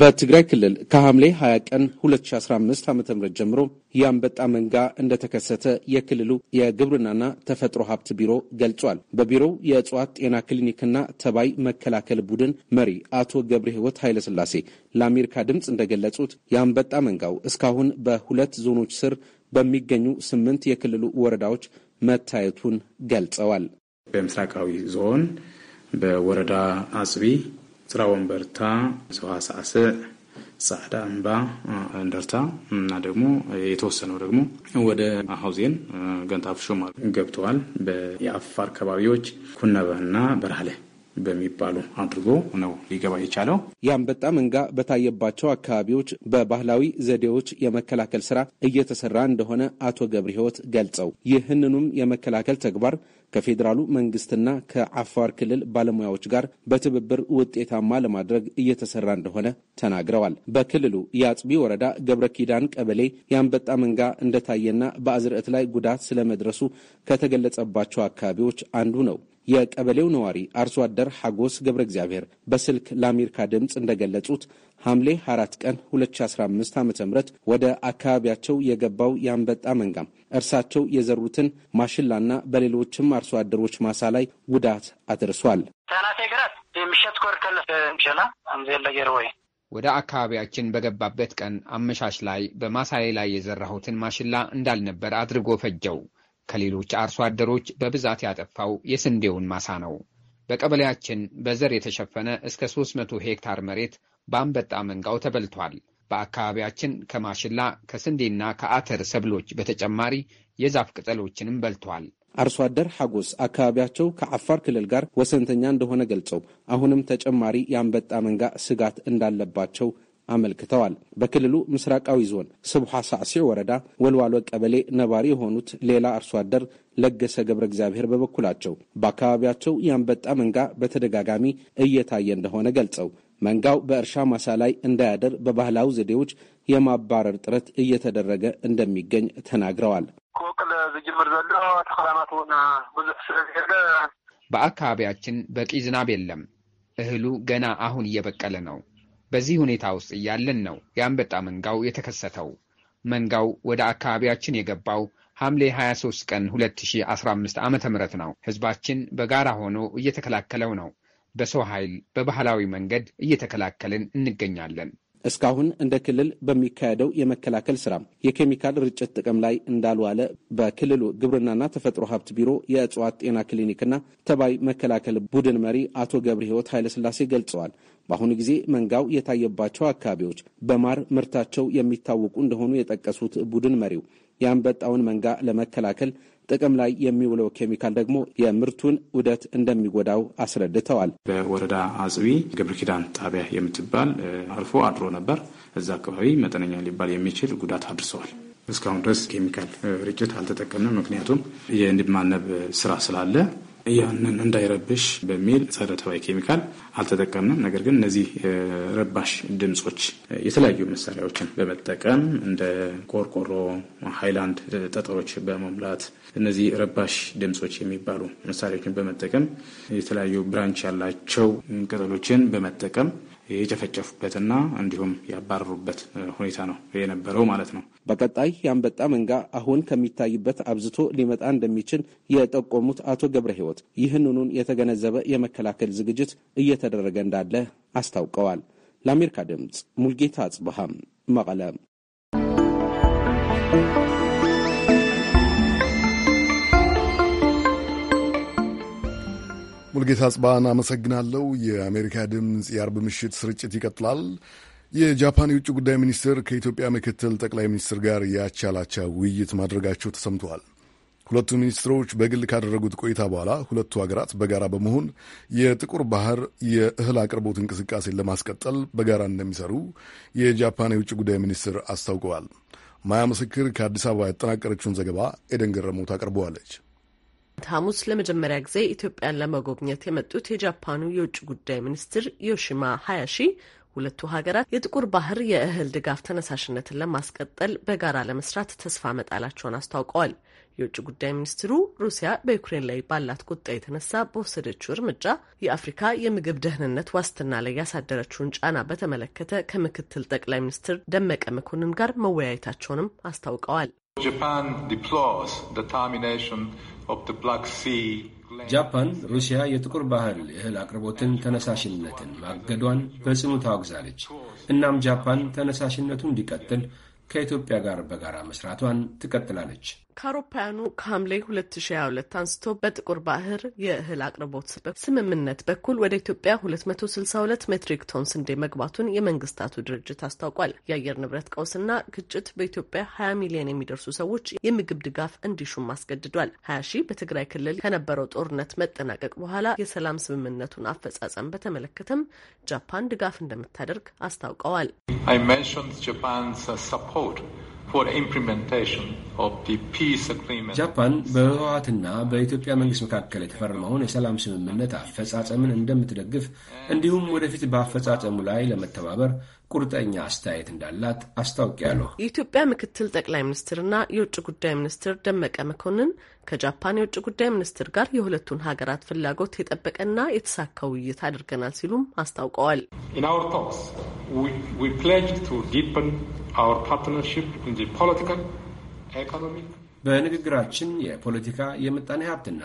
[SPEAKER 8] በትግራይ ክልል ከሐምሌ 20 ቀን 2015 ዓ ም ጀምሮ የአንበጣ መንጋ እንደተከሰተ የክልሉ የግብርናና ተፈጥሮ ሀብት ቢሮ ገልጿል። በቢሮው የእጽዋት ጤና ክሊኒክና ተባይ መከላከል ቡድን መሪ አቶ ገብረ ሕይወት ኃይለሥላሴ ለአሜሪካ ድምፅ እንደገለጹት የአንበጣ መንጋው እስካሁን በሁለት ዞኖች ስር በሚገኙ ስምንት የክልሉ ወረዳዎች መታየቱን ገልጸዋል። በምስራቃዊ ዞን
[SPEAKER 9] በወረዳ አጽቢ ስራ ወንበርታ፣ ሰውሃ ሳእስዕ፣ ጻዕዳ እምባ እንደርታ እና ደግሞ የተወሰነው ደግሞ ወደ ሀውዜን ገንታ ገብተዋል። የአፋር ከባቢዎች ኩነበህና
[SPEAKER 8] በራህለ በሚባሉ
[SPEAKER 9] አድርጎ ነው ሊገባ የቻለው።
[SPEAKER 8] የአንበጣ መንጋ በታየባቸው አካባቢዎች በባህላዊ ዘዴዎች የመከላከል ስራ እየተሰራ እንደሆነ አቶ ገብረ ህይወት ገልጸው ይህንኑም የመከላከል ተግባር ከፌዴራሉ መንግስትና ከአፋር ክልል ባለሙያዎች ጋር በትብብር ውጤታማ ለማድረግ እየተሰራ እንደሆነ ተናግረዋል። በክልሉ የአጽቢ ወረዳ ገብረ ኪዳን ቀበሌ የአንበጣ መንጋ እንደታየና በአዝርዕት ላይ ጉዳት ስለመድረሱ ከተገለጸባቸው አካባቢዎች አንዱ ነው። የቀበሌው ነዋሪ አርሶ አደር ሐጎስ ገብረ እግዚአብሔር በስልክ ለአሜሪካ ድምፅ እንደገለጹት ሐምሌ 4 ቀን 2015 ዓ ም ወደ አካባቢያቸው የገባው የአንበጣ መንጋም እርሳቸው የዘሩትን ማሽላና በሌሎችም አርሶ አደሮች ማሳ ላይ ጉዳት አድርሷል።
[SPEAKER 6] ወደ አካባቢያችን በገባበት ቀን አመሻሽ ላይ በማሳሌ ላይ የዘራሁትን ማሽላ እንዳልነበር አድርጎ ፈጀው። ከሌሎች አርሶ አደሮች በብዛት ያጠፋው የስንዴውን ማሳ ነው። በቀበሌያችን በዘር የተሸፈነ እስከ 300 ሄክታር መሬት በአንበጣ መንጋው ተበልቷል። በአካባቢያችን ከማሽላ ከስንዴና ከአተር ሰብሎች በተጨማሪ የዛፍ ቅጠሎችንም በልቷል።
[SPEAKER 8] አርሶ አደር ሐጎስ አካባቢያቸው ከአፋር ክልል ጋር ወሰንተኛ እንደሆነ ገልጸው አሁንም ተጨማሪ የአንበጣ መንጋ ስጋት እንዳለባቸው አመልክተዋል። በክልሉ ምስራቃዊ ዞን ስቡሓ ሳዕሲዕ ወረዳ ወልዋሎ ቀበሌ ነባሪ የሆኑት ሌላ አርሶ አደር ለገሰ ገብረ እግዚአብሔር በበኩላቸው በአካባቢያቸው የአንበጣ መንጋ በተደጋጋሚ እየታየ እንደሆነ ገልጸው መንጋው በእርሻ ማሳ ላይ እንዳያደር በባህላዊ ዘዴዎች የማባረር ጥረት እየተደረገ እንደሚገኝ ተናግረዋል።
[SPEAKER 6] በአካባቢያችን በቂ ዝናብ የለም። እህሉ ገና አሁን እየበቀለ ነው። በዚህ ሁኔታ ውስጥ እያለን ነው የአንበጣ መንጋው የተከሰተው። መንጋው ወደ አካባቢያችን የገባው ሐምሌ 23 ቀን 2015 ዓ ም ነው። ህዝባችን በጋራ ሆኖ እየተከላከለው ነው። በሰው ኃይል በባህላዊ መንገድ እየተከላከልን እንገኛለን።
[SPEAKER 8] እስካሁን እንደ ክልል በሚካሄደው የመከላከል ስራ የኬሚካል ርጭት ጥቅም ላይ እንዳልዋለ በክልሉ ግብርናና ተፈጥሮ ሀብት ቢሮ የእጽዋት ጤና ክሊኒክና ተባይ መከላከል ቡድን መሪ አቶ ገብረ ህይወት ኃይለስላሴ ገልጸዋል። በአሁኑ ጊዜ መንጋው የታየባቸው አካባቢዎች በማር ምርታቸው የሚታወቁ እንደሆኑ የጠቀሱት ቡድን መሪው የአንበጣውን መንጋ ለመከላከል ጥቅም ላይ የሚውለው ኬሚካል ደግሞ የምርቱን ውደት እንደሚጎዳው አስረድተዋል።
[SPEAKER 9] በወረዳ አጽቢ ገብረ ኪዳን ጣቢያ የምትባል አርፎ አድሮ ነበር። እዛ አካባቢ መጠነኛ ሊባል የሚችል ጉዳት አድርሰዋል። እስካሁን ድረስ ኬሚካል ርጭት አልተጠቀምንም። ምክንያቱም የንብ ማነብ ስራ ስላለ ያንን እንዳይረብሽ በሚል ጸረ ተባይ ኬሚካል አልተጠቀምንም። ነገር ግን እነዚህ ረባሽ ድምፆች የተለያዩ መሳሪያዎችን በመጠቀም እንደ ቆርቆሮ፣ ሃይላንድ ጠጠሮች በመሙላት እነዚህ ረባሽ ድምጾች የሚባሉ መሳሪያዎችን በመጠቀም የተለያዩ ብራንች ያላቸው ቅጠሎችን በመጠቀም የጨፈጨፉበትና እንዲሁም ያባረሩበት ሁኔታ ነው የነበረው ማለት ነው።
[SPEAKER 8] በቀጣይ የአንበጣ መንጋ አሁን ከሚታይበት አብዝቶ ሊመጣ እንደሚችል የጠቆሙት አቶ ገብረ ሕይወት ይህንኑን የተገነዘበ የመከላከል ዝግጅት እየተደረገ እንዳለ አስታውቀዋል። ለአሜሪካ ድምፅ ሙልጌታ አጽብሃም መቀለም
[SPEAKER 1] ሙልጌታ ጽባን አመሰግናለሁ። የአሜሪካ ድምፅ የአርብ ምሽት ስርጭት ይቀጥላል። የጃፓን የውጭ ጉዳይ ሚኒስትር ከኢትዮጵያ ምክትል ጠቅላይ ሚኒስትር ጋር ያቻላቻ ውይይት ማድረጋቸው ተሰምተዋል። ሁለቱ ሚኒስትሮች በግል ካደረጉት ቆይታ በኋላ ሁለቱ ሀገራት በጋራ በመሆን የጥቁር ባህር የእህል አቅርቦት እንቅስቃሴን ለማስቀጠል በጋራ እንደሚሰሩ የጃፓን የውጭ ጉዳይ ሚኒስትር አስታውቀዋል። ማያ ምስክር ከአዲስ አበባ ያጠናቀረችውን ዘገባ ኤደን ገረሞት አቅርበዋለች።
[SPEAKER 10] ሐሙስ ለመጀመሪያ ጊዜ ኢትዮጵያን ለመጎብኘት የመጡት የጃፓኑ የውጭ ጉዳይ ሚኒስትር ዮሺማ ሃያሺ ሁለቱ ሀገራት የጥቁር ባህር የእህል ድጋፍ ተነሳሽነትን ለማስቀጠል በጋራ ለመስራት ተስፋ መጣላቸውን አስታውቀዋል። የውጭ ጉዳይ ሚኒስትሩ ሩሲያ በዩክሬን ላይ ባላት ቁጣ የተነሳ በወሰደችው እርምጃ የአፍሪካ የምግብ ደህንነት ዋስትና ላይ ያሳደረችውን ጫና በተመለከተ ከምክትል ጠቅላይ ሚኒስትር ደመቀ መኮንን ጋር መወያየታቸውንም አስታውቀዋል።
[SPEAKER 11] ጃፓን ዲፕሎርስ
[SPEAKER 12] ጃፓን ሩሲያ የጥቁር ባህር እህል አቅርቦትን ተነሳሽነትን ማገዷን በጽኑ ታወግዛለች። እናም ጃፓን ተነሳሽነቱ እንዲቀጥል ከኢትዮጵያ ጋር በጋራ መስራቷን ትቀጥላለች።
[SPEAKER 10] ከአውሮፓውያኑ ከሐምሌ 2022 አንስቶ በጥቁር ባህር የእህል አቅርቦት ስምምነት በኩል ወደ ኢትዮጵያ 262 ሜትሪክ ቶን ስንዴ መግባቱን የመንግስታቱ ድርጅት አስታውቋል። የአየር ንብረት ቀውስና ግጭት በኢትዮጵያ 20 ሚሊዮን የሚደርሱ ሰዎች የምግብ ድጋፍ እንዲሹም አስገድዷል። 20 ሺህ በትግራይ ክልል ከነበረው ጦርነት መጠናቀቅ በኋላ የሰላም ስምምነቱን አፈጻጸም በተመለከተም ጃፓን ድጋፍ እንደምታደርግ አስታውቀዋል።
[SPEAKER 12] ጃፓን በህወሓትና በኢትዮጵያ መንግስት መካከል የተፈረመውን የሰላም ስምምነት አፈጻጸምን እንደምትደግፍ እንዲሁም ወደፊት በአፈጻጸሙ ላይ ለመተባበር ቁርጠኛ አስተያየት እንዳላት አስታውቂያለሁ።
[SPEAKER 10] የኢትዮጵያ ምክትል ጠቅላይ ሚኒስትርና የውጭ ጉዳይ ሚኒስትር ደመቀ መኮንን ከጃፓን የውጭ ጉዳይ ሚኒስትር ጋር የሁለቱን ሀገራት ፍላጎት የጠበቀና የተሳካ ውይይት አድርገናል ሲሉም አስታውቀዋል።
[SPEAKER 12] በንግግራችን የፖለቲካ የምጣኔ ሀብትና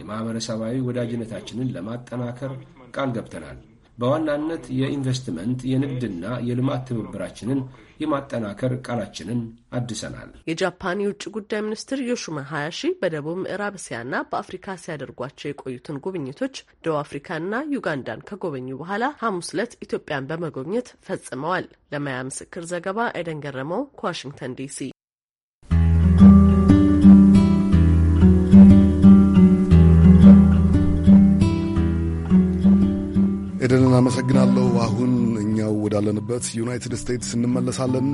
[SPEAKER 12] የማህበረሰባዊ ወዳጅነታችንን ለማጠናከር ቃል ገብተናል። በዋናነት የኢንቨስትመንት የንግድና የልማት ትብብራችንን የማጠናከር ቃላችንን አድሰናል።
[SPEAKER 10] የጃፓን የውጭ ጉዳይ ሚኒስትር ዮሹማ ሀያሺ በደቡብ ምዕራብ እስያና በአፍሪካ ሲያደርጓቸው የቆዩትን ጉብኝቶች ደቡብ አፍሪካና ዩጋንዳን ከጎበኙ በኋላ ሐሙስ ዕለት ኢትዮጵያን በመጎብኘት ፈጽመዋል። ለማያ ምስክር ዘገባ አይደን ገረመው ከዋሽንግተን ዲሲ
[SPEAKER 1] ኤደንን አመሰግናለሁ። አሁን እኛው ወዳለንበት ዩናይትድ ስቴትስ እንመለሳለን።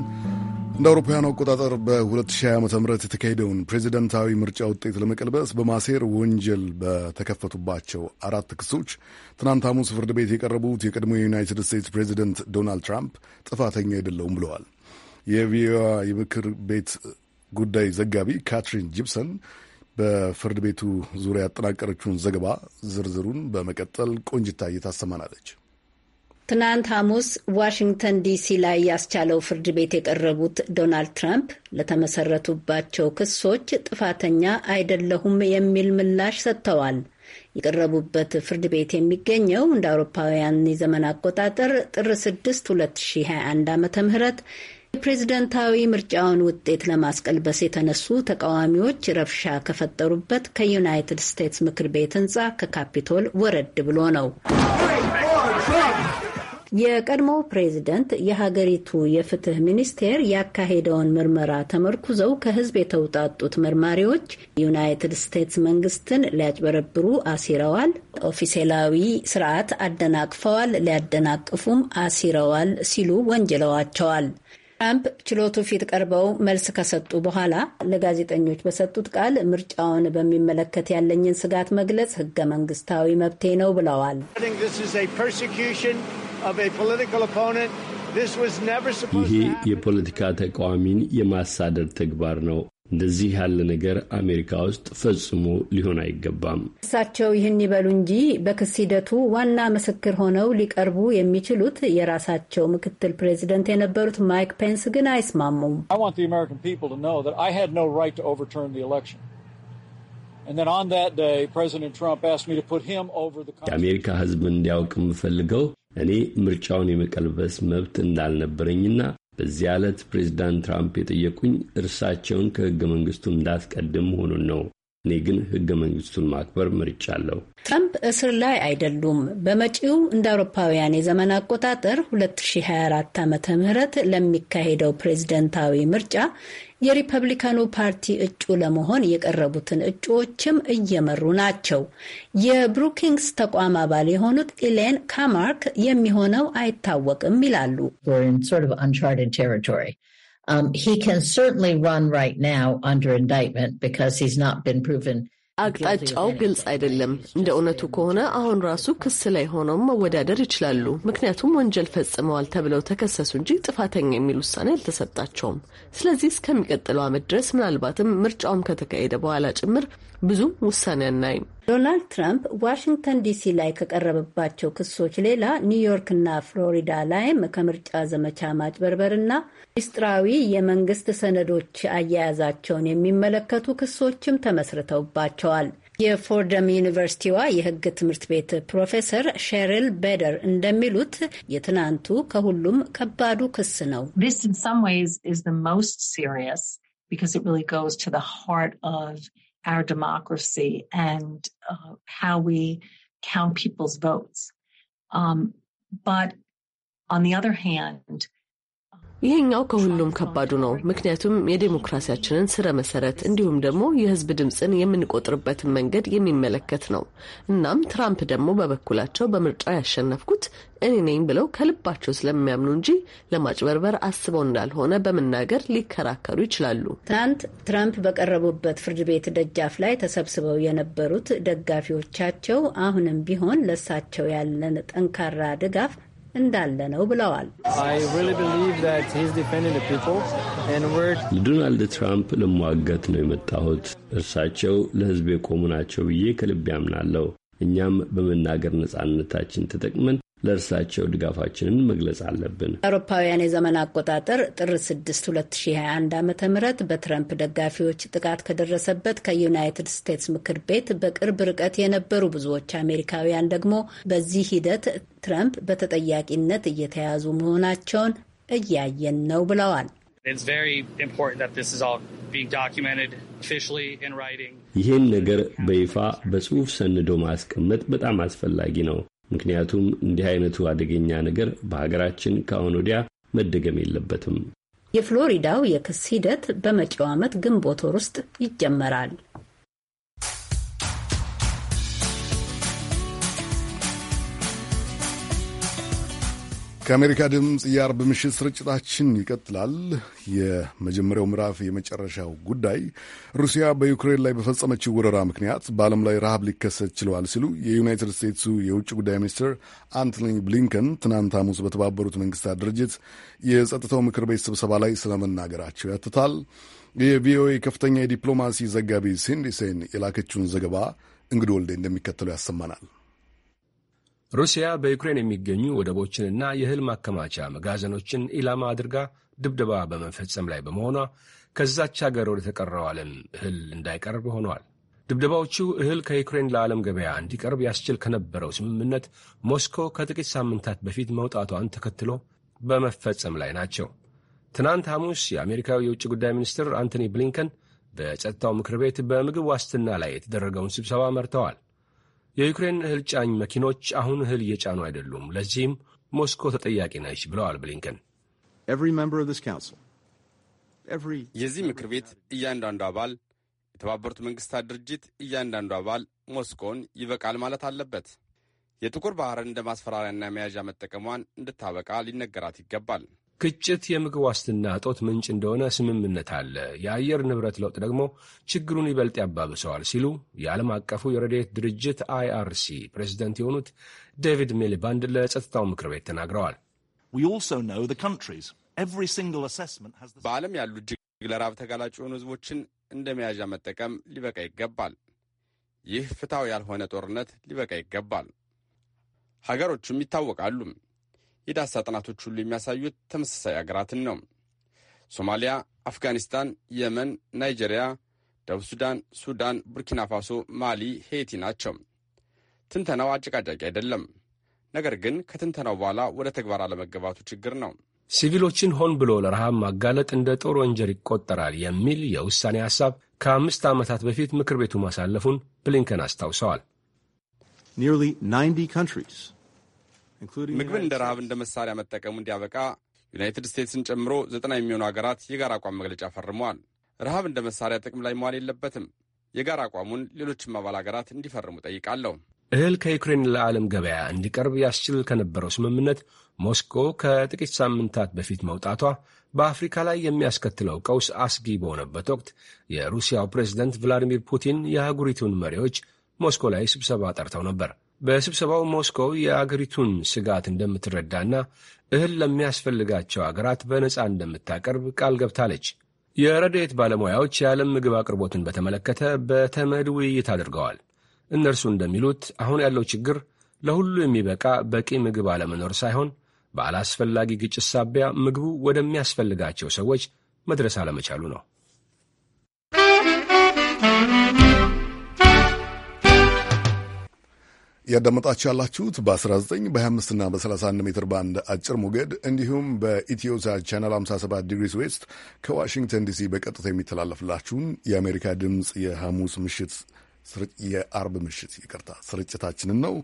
[SPEAKER 1] እንደ አውሮፓውያኑ አቆጣጠር በ2020 ዓ ም የተካሄደውን ፕሬዚደንታዊ ምርጫ ውጤት ለመቀልበስ በማሴር ወንጀል በተከፈቱባቸው አራት ክሶች ትናንት ሐሙስ ፍርድ ቤት የቀረቡት የቀድሞ የዩናይትድ ስቴትስ ፕሬዚደንት ዶናልድ ትራምፕ ጥፋተኛ አይደለውም ብለዋል። የቪኦኤ የምክር ቤት ጉዳይ ዘጋቢ ካትሪን ጂፕሰን በፍርድ ቤቱ ዙሪያ ያጠናቀረችውን ዘገባ ዝርዝሩን በመቀጠል ቆንጅታዬ ታሰማናለች።
[SPEAKER 13] ትናንት ሐሙስ ዋሽንግተን ዲሲ ላይ ያስቻለው ፍርድ ቤት የቀረቡት ዶናልድ ትራምፕ ለተመሰረቱባቸው ክሶች ጥፋተኛ አይደለሁም የሚል ምላሽ ሰጥተዋል። የቀረቡበት ፍርድ ቤት የሚገኘው እንደ አውሮፓውያን የዘመን አቆጣጠር ጥር 6 2021 ዓ ም የፕሬዝደንታዊ ምርጫውን ውጤት ለማስቀልበስ የተነሱ ተቃዋሚዎች ረብሻ ከፈጠሩበት ከዩናይትድ ስቴትስ ምክር ቤት ህንፃ ከካፒቶል ወረድ ብሎ ነው። የቀድሞው ፕሬዝደንት የሀገሪቱ የፍትህ ሚኒስቴር ያካሄደውን ምርመራ ተመርኩዘው ከህዝብ የተውጣጡት መርማሪዎች ዩናይትድ ስቴትስ መንግስትን ሊያጭበረብሩ አሲረዋል፣ ኦፊሴላዊ ስርዓት አደናቅፈዋል፣ ሊያደናቅፉም አሲረዋል ሲሉ ወንጅለዋቸዋል። ትራምፕ ችሎቱ ፊት ቀርበው መልስ ከሰጡ በኋላ ለጋዜጠኞች በሰጡት ቃል ምርጫውን በሚመለከት ያለኝን ስጋት መግለጽ ህገ መንግስታዊ መብቴ ነው ብለዋል።
[SPEAKER 14] ይሄ የፖለቲካ ተቃዋሚን የማሳደድ ተግባር ነው። እንደዚህ ያለ ነገር አሜሪካ ውስጥ ፈጽሞ ሊሆን አይገባም።
[SPEAKER 13] እሳቸው ይህን ይበሉ እንጂ በክስ ሂደቱ ዋና ምስክር ሆነው ሊቀርቡ የሚችሉት የራሳቸው ምክትል ፕሬዚደንት የነበሩት
[SPEAKER 3] ማይክ ፔንስ ግን አይስማሙም።
[SPEAKER 14] የአሜሪካ ሕዝብ እንዲያውቅ የምፈልገው እኔ ምርጫውን የመቀልበስ መብት እንዳልነበረኝና በዚያ ዕለት ፕሬዚዳንት ትራምፕ የጠየቁኝ እርሳቸውን ከሕገ መንግሥቱ እንዳትቀድም መሆኑን ነው። እኔ ግን ሕገ መንግሥቱን ማክበር መርጫለሁ።
[SPEAKER 13] ትራምፕ እስር ላይ አይደሉም። በመጪው እንደ አውሮፓውያን የዘመን አቆጣጠር 2024 ዓ ም ለሚካሄደው ፕሬዚደንታዊ ምርጫ የሪፐብሊካኑ ፓርቲ እጩ ለመሆን የቀረቡትን እጩዎችም እየመሩ ናቸው። የብሩኪንግስ ተቋም አባል የሆኑት ኢሌን ካማርክ የሚሆነው አይታወቅም ይላሉ። Um, he can certainly run right now under indictment because he's not been proven
[SPEAKER 10] አቅጣጫው ግልጽ አይደለም። እንደ እውነቱ ከሆነ አሁን ራሱ ክስ ላይ ሆነው መወዳደር ይችላሉ። ምክንያቱም ወንጀል ፈጽመዋል ተብለው ተከሰሱ እንጂ ጥፋተኛ የሚል ውሳኔ አልተሰጣቸውም። ስለዚህ እስከሚቀጥለው ዓመት ድረስ ምናልባትም ምርጫውም ከተካሄደ በኋላ ጭምር ብዙም ውሳኔ አናይም።
[SPEAKER 13] ዶናልድ ትራምፕ ዋሽንግተን ዲሲ ላይ ከቀረበባቸው ክሶች ሌላ ኒውዮርክና ፍሎሪዳ ላይም ከምርጫ ዘመቻ ማጭበርበርና ሚስጥራዊ የመንግስት ሰነዶች አያያዛቸውን የሚመለከቱ ክሶችም ተመስርተውባቸዋል። የፎርደም ዩኒቨርሲቲዋ የሕግ ትምህርት ቤት ፕሮፌሰር ሼሪል ቤደር እንደሚሉት የትናንቱ ከሁሉም ከባዱ ክስ ነው። This in some ways is the most serious because it really goes to the heart of
[SPEAKER 5] our democracy and uh, how we count people's votes. Um, but on the other hand,
[SPEAKER 10] ይሄኛው ከሁሉም ከባዱ ነው። ምክንያቱም የዴሞክራሲያችንን ስረ መሰረት እንዲሁም ደግሞ የህዝብ ድምፅን የምንቆጥርበትን መንገድ የሚመለከት ነው። እናም ትራምፕ ደግሞ በበኩላቸው በምርጫ ያሸነፍኩት እኔ ነኝ ብለው ከልባቸው ስለሚያምኑ እንጂ ለማጭበርበር አስበው እንዳልሆነ በመናገር ሊከራከሩ ይችላሉ።
[SPEAKER 13] ትናንት ትራምፕ በቀረቡበት ፍርድ ቤት ደጃፍ ላይ ተሰብስበው የነበሩት ደጋፊዎቻቸው አሁንም ቢሆን ለሳቸው ያለን ጠንካራ ድጋፍ እንዳለ ነው ብለዋል።
[SPEAKER 14] ለዶናልድ ትራምፕ ልሟገት ነው የመጣሁት። እርሳቸው ለሕዝብ የቆሙ ናቸው ብዬ ከልብ ያምናለው እኛም በመናገር ነጻነታችን ተጠቅመን ለእርሳቸው ድጋፋችንን መግለጽ አለብን።
[SPEAKER 13] አውሮፓውያን የዘመን አቆጣጠር ጥር 6 2021 ዓ ም በትረምፕ ደጋፊዎች ጥቃት ከደረሰበት ከዩናይትድ ስቴትስ ምክር ቤት በቅርብ ርቀት የነበሩ ብዙዎች አሜሪካውያን ደግሞ በዚህ ሂደት ትረምፕ በተጠያቂነት እየተያዙ መሆናቸውን እያየን ነው ብለዋል።
[SPEAKER 14] ይህን ነገር በይፋ በጽሑፍ ሰንዶ ማስቀመጥ በጣም አስፈላጊ ነው። ምክንያቱም እንዲህ አይነቱ አደገኛ ነገር በሀገራችን ከአሁን ወዲያ መደገም የለበትም።
[SPEAKER 13] የፍሎሪዳው የክስ ሂደት በመጪው ዓመት ግንቦት ወር ውስጥ ይጀመራል።
[SPEAKER 1] ከአሜሪካ ድምፅ የአርብ ምሽት ስርጭታችን ይቀጥላል። የመጀመሪያው ምዕራፍ የመጨረሻው ጉዳይ ሩሲያ በዩክሬን ላይ በፈጸመችው ወረራ ምክንያት በዓለም ላይ ረሃብ ሊከሰት ችለዋል ሲሉ የዩናይትድ ስቴትሱ የውጭ ጉዳይ ሚኒስትር አንቶኒ ብሊንከን ትናንት ሐሙስ በተባበሩት መንግስታት ድርጅት የጸጥታው ምክር ቤት ስብሰባ ላይ ስለመናገራቸው ያትታል። የቪኦኤ ከፍተኛ የዲፕሎማሲ ዘጋቢ ሲንዲ ሴን የላከችውን ዘገባ እንግዶ ወልዴ እንደሚከተለው ያሰማናል።
[SPEAKER 12] ሩሲያ በዩክሬን የሚገኙ ወደቦችንና የእህል ማከማቻ መጋዘኖችን ኢላማ አድርጋ ድብደባ በመፈጸም ላይ በመሆኗ ከዛች ሀገር ወደ ተቀረው ዓለም እህል እንዳይቀርብ ሆኗል። ድብደባዎቹ እህል ከዩክሬን ለዓለም ገበያ እንዲቀርብ ያስችል ከነበረው ስምምነት ሞስኮ ከጥቂት ሳምንታት በፊት መውጣቷን ተከትሎ በመፈጸም ላይ ናቸው። ትናንት ሐሙስ የአሜሪካዊ የውጭ ጉዳይ ሚኒስትር አንቶኒ ብሊንከን በጸጥታው ምክር ቤት በምግብ ዋስትና ላይ የተደረገውን ስብሰባ መርተዋል። የዩክሬን እህል ጫኝ መኪኖች አሁን እህል እየጫኑ አይደሉም፣ ለዚህም ሞስኮ ተጠያቂ ነች ብለዋል ብሊንከን።
[SPEAKER 15] የዚህ ምክር ቤት እያንዳንዱ አባል፣ የተባበሩት መንግስታት ድርጅት እያንዳንዱ አባል ሞስኮን ይበቃል ማለት አለበት። የጥቁር ባህርን እንደ ማስፈራሪያና መያዣ መጠቀሟን እንድታበቃ ሊነገራት ይገባል።
[SPEAKER 12] ግጭት የምግብ ዋስትና እጦት ምንጭ እንደሆነ ስምምነት አለ። የአየር ንብረት ለውጥ ደግሞ ችግሩን ይበልጥ ያባብሰዋል ሲሉ የዓለም አቀፉ የረድኤት ድርጅት አይአርሲ ፕሬዚደንት የሆኑት ዴቪድ ሚሊባንድ ለጸጥታው ምክር ቤት ተናግረዋል።
[SPEAKER 15] በዓለም ያሉ እጅግ ለራብ ተጋላጭ የሆኑ ህዝቦችን እንደ መያዣ መጠቀም ሊበቃ ይገባል። ይህ ፍትሐዊ ያልሆነ ጦርነት ሊበቃ ይገባል። ሀገሮቹም ይታወቃሉ። የዳሳ ጥናቶች ሁሉ የሚያሳዩት ተመሳሳይ ሀገራትን ነው። ሶማሊያ፣ አፍጋኒስታን፣ የመን፣ ናይጄሪያ፣ ደቡብ ሱዳን፣ ሱዳን፣ ቡርኪና ፋሶ፣ ማሊ፣ ሄይቲ ናቸው። ትንተናው አጨቃጫቂ አይደለም። ነገር ግን ከትንተናው በኋላ ወደ ተግባር አለመገባቱ ችግር ነው።
[SPEAKER 12] ሲቪሎችን ሆን ብሎ ለረሃብ ማጋለጥ እንደ ጦር ወንጀል ይቆጠራል የሚል የውሳኔ ሐሳብ ከአምስት ዓመታት በፊት ምክር ቤቱ ማሳለፉን ብሊንከን አስታውሰዋል። nearly 90
[SPEAKER 15] ምግብን እንደ ረሃብ እንደ መሳሪያ መጠቀሙ እንዲያበቃ ዩናይትድ ስቴትስን ጨምሮ ዘጠና የሚሆኑ ሀገራት የጋራ አቋም መግለጫ ፈርመዋል። ረሃብ እንደ መሳሪያ ጥቅም ላይ መዋል የለበትም። የጋራ አቋሙን ሌሎችም አባል ሀገራት እንዲፈርሙ ጠይቃለሁ።
[SPEAKER 12] እህል ከዩክሬን ለዓለም ገበያ እንዲቀርብ ያስችል ከነበረው ስምምነት ሞስኮ ከጥቂት ሳምንታት በፊት መውጣቷ በአፍሪካ ላይ የሚያስከትለው ቀውስ አስጊ በሆነበት ወቅት የሩሲያው ፕሬዝደንት ቭላዲሚር ፑቲን የአህጉሪቱን መሪዎች ሞስኮ ላይ ስብሰባ ጠርተው ነበር። በስብሰባው ሞስኮው የአገሪቱን ስጋት እንደምትረዳና እህል ለሚያስፈልጋቸው አገራት በነፃ እንደምታቀርብ ቃል ገብታለች። የረድኤት ባለሙያዎች የዓለም ምግብ አቅርቦትን በተመለከተ በተመድ ውይይት አድርገዋል። እነርሱ እንደሚሉት አሁን ያለው ችግር ለሁሉ የሚበቃ በቂ ምግብ አለመኖር ሳይሆን በአላስፈላጊ ግጭት ሳቢያ ምግቡ ወደሚያስፈልጋቸው ሰዎች መድረስ አለመቻሉ ነው።
[SPEAKER 1] እያዳመጣችሁ ያላችሁት በ19 በ25 እና በ31 ሜትር ባንድ አጭር ሞገድ እንዲሁም በኢትዮሳ ቻናል 57 ዲግሪስ ዌስት ከዋሽንግተን ዲሲ በቀጥታ የሚተላለፍላችሁን የአሜሪካ ድምፅ የሐሙስ ምሽት የአርብ ምሽት ይቅርታ ስርጭታችንን ነው።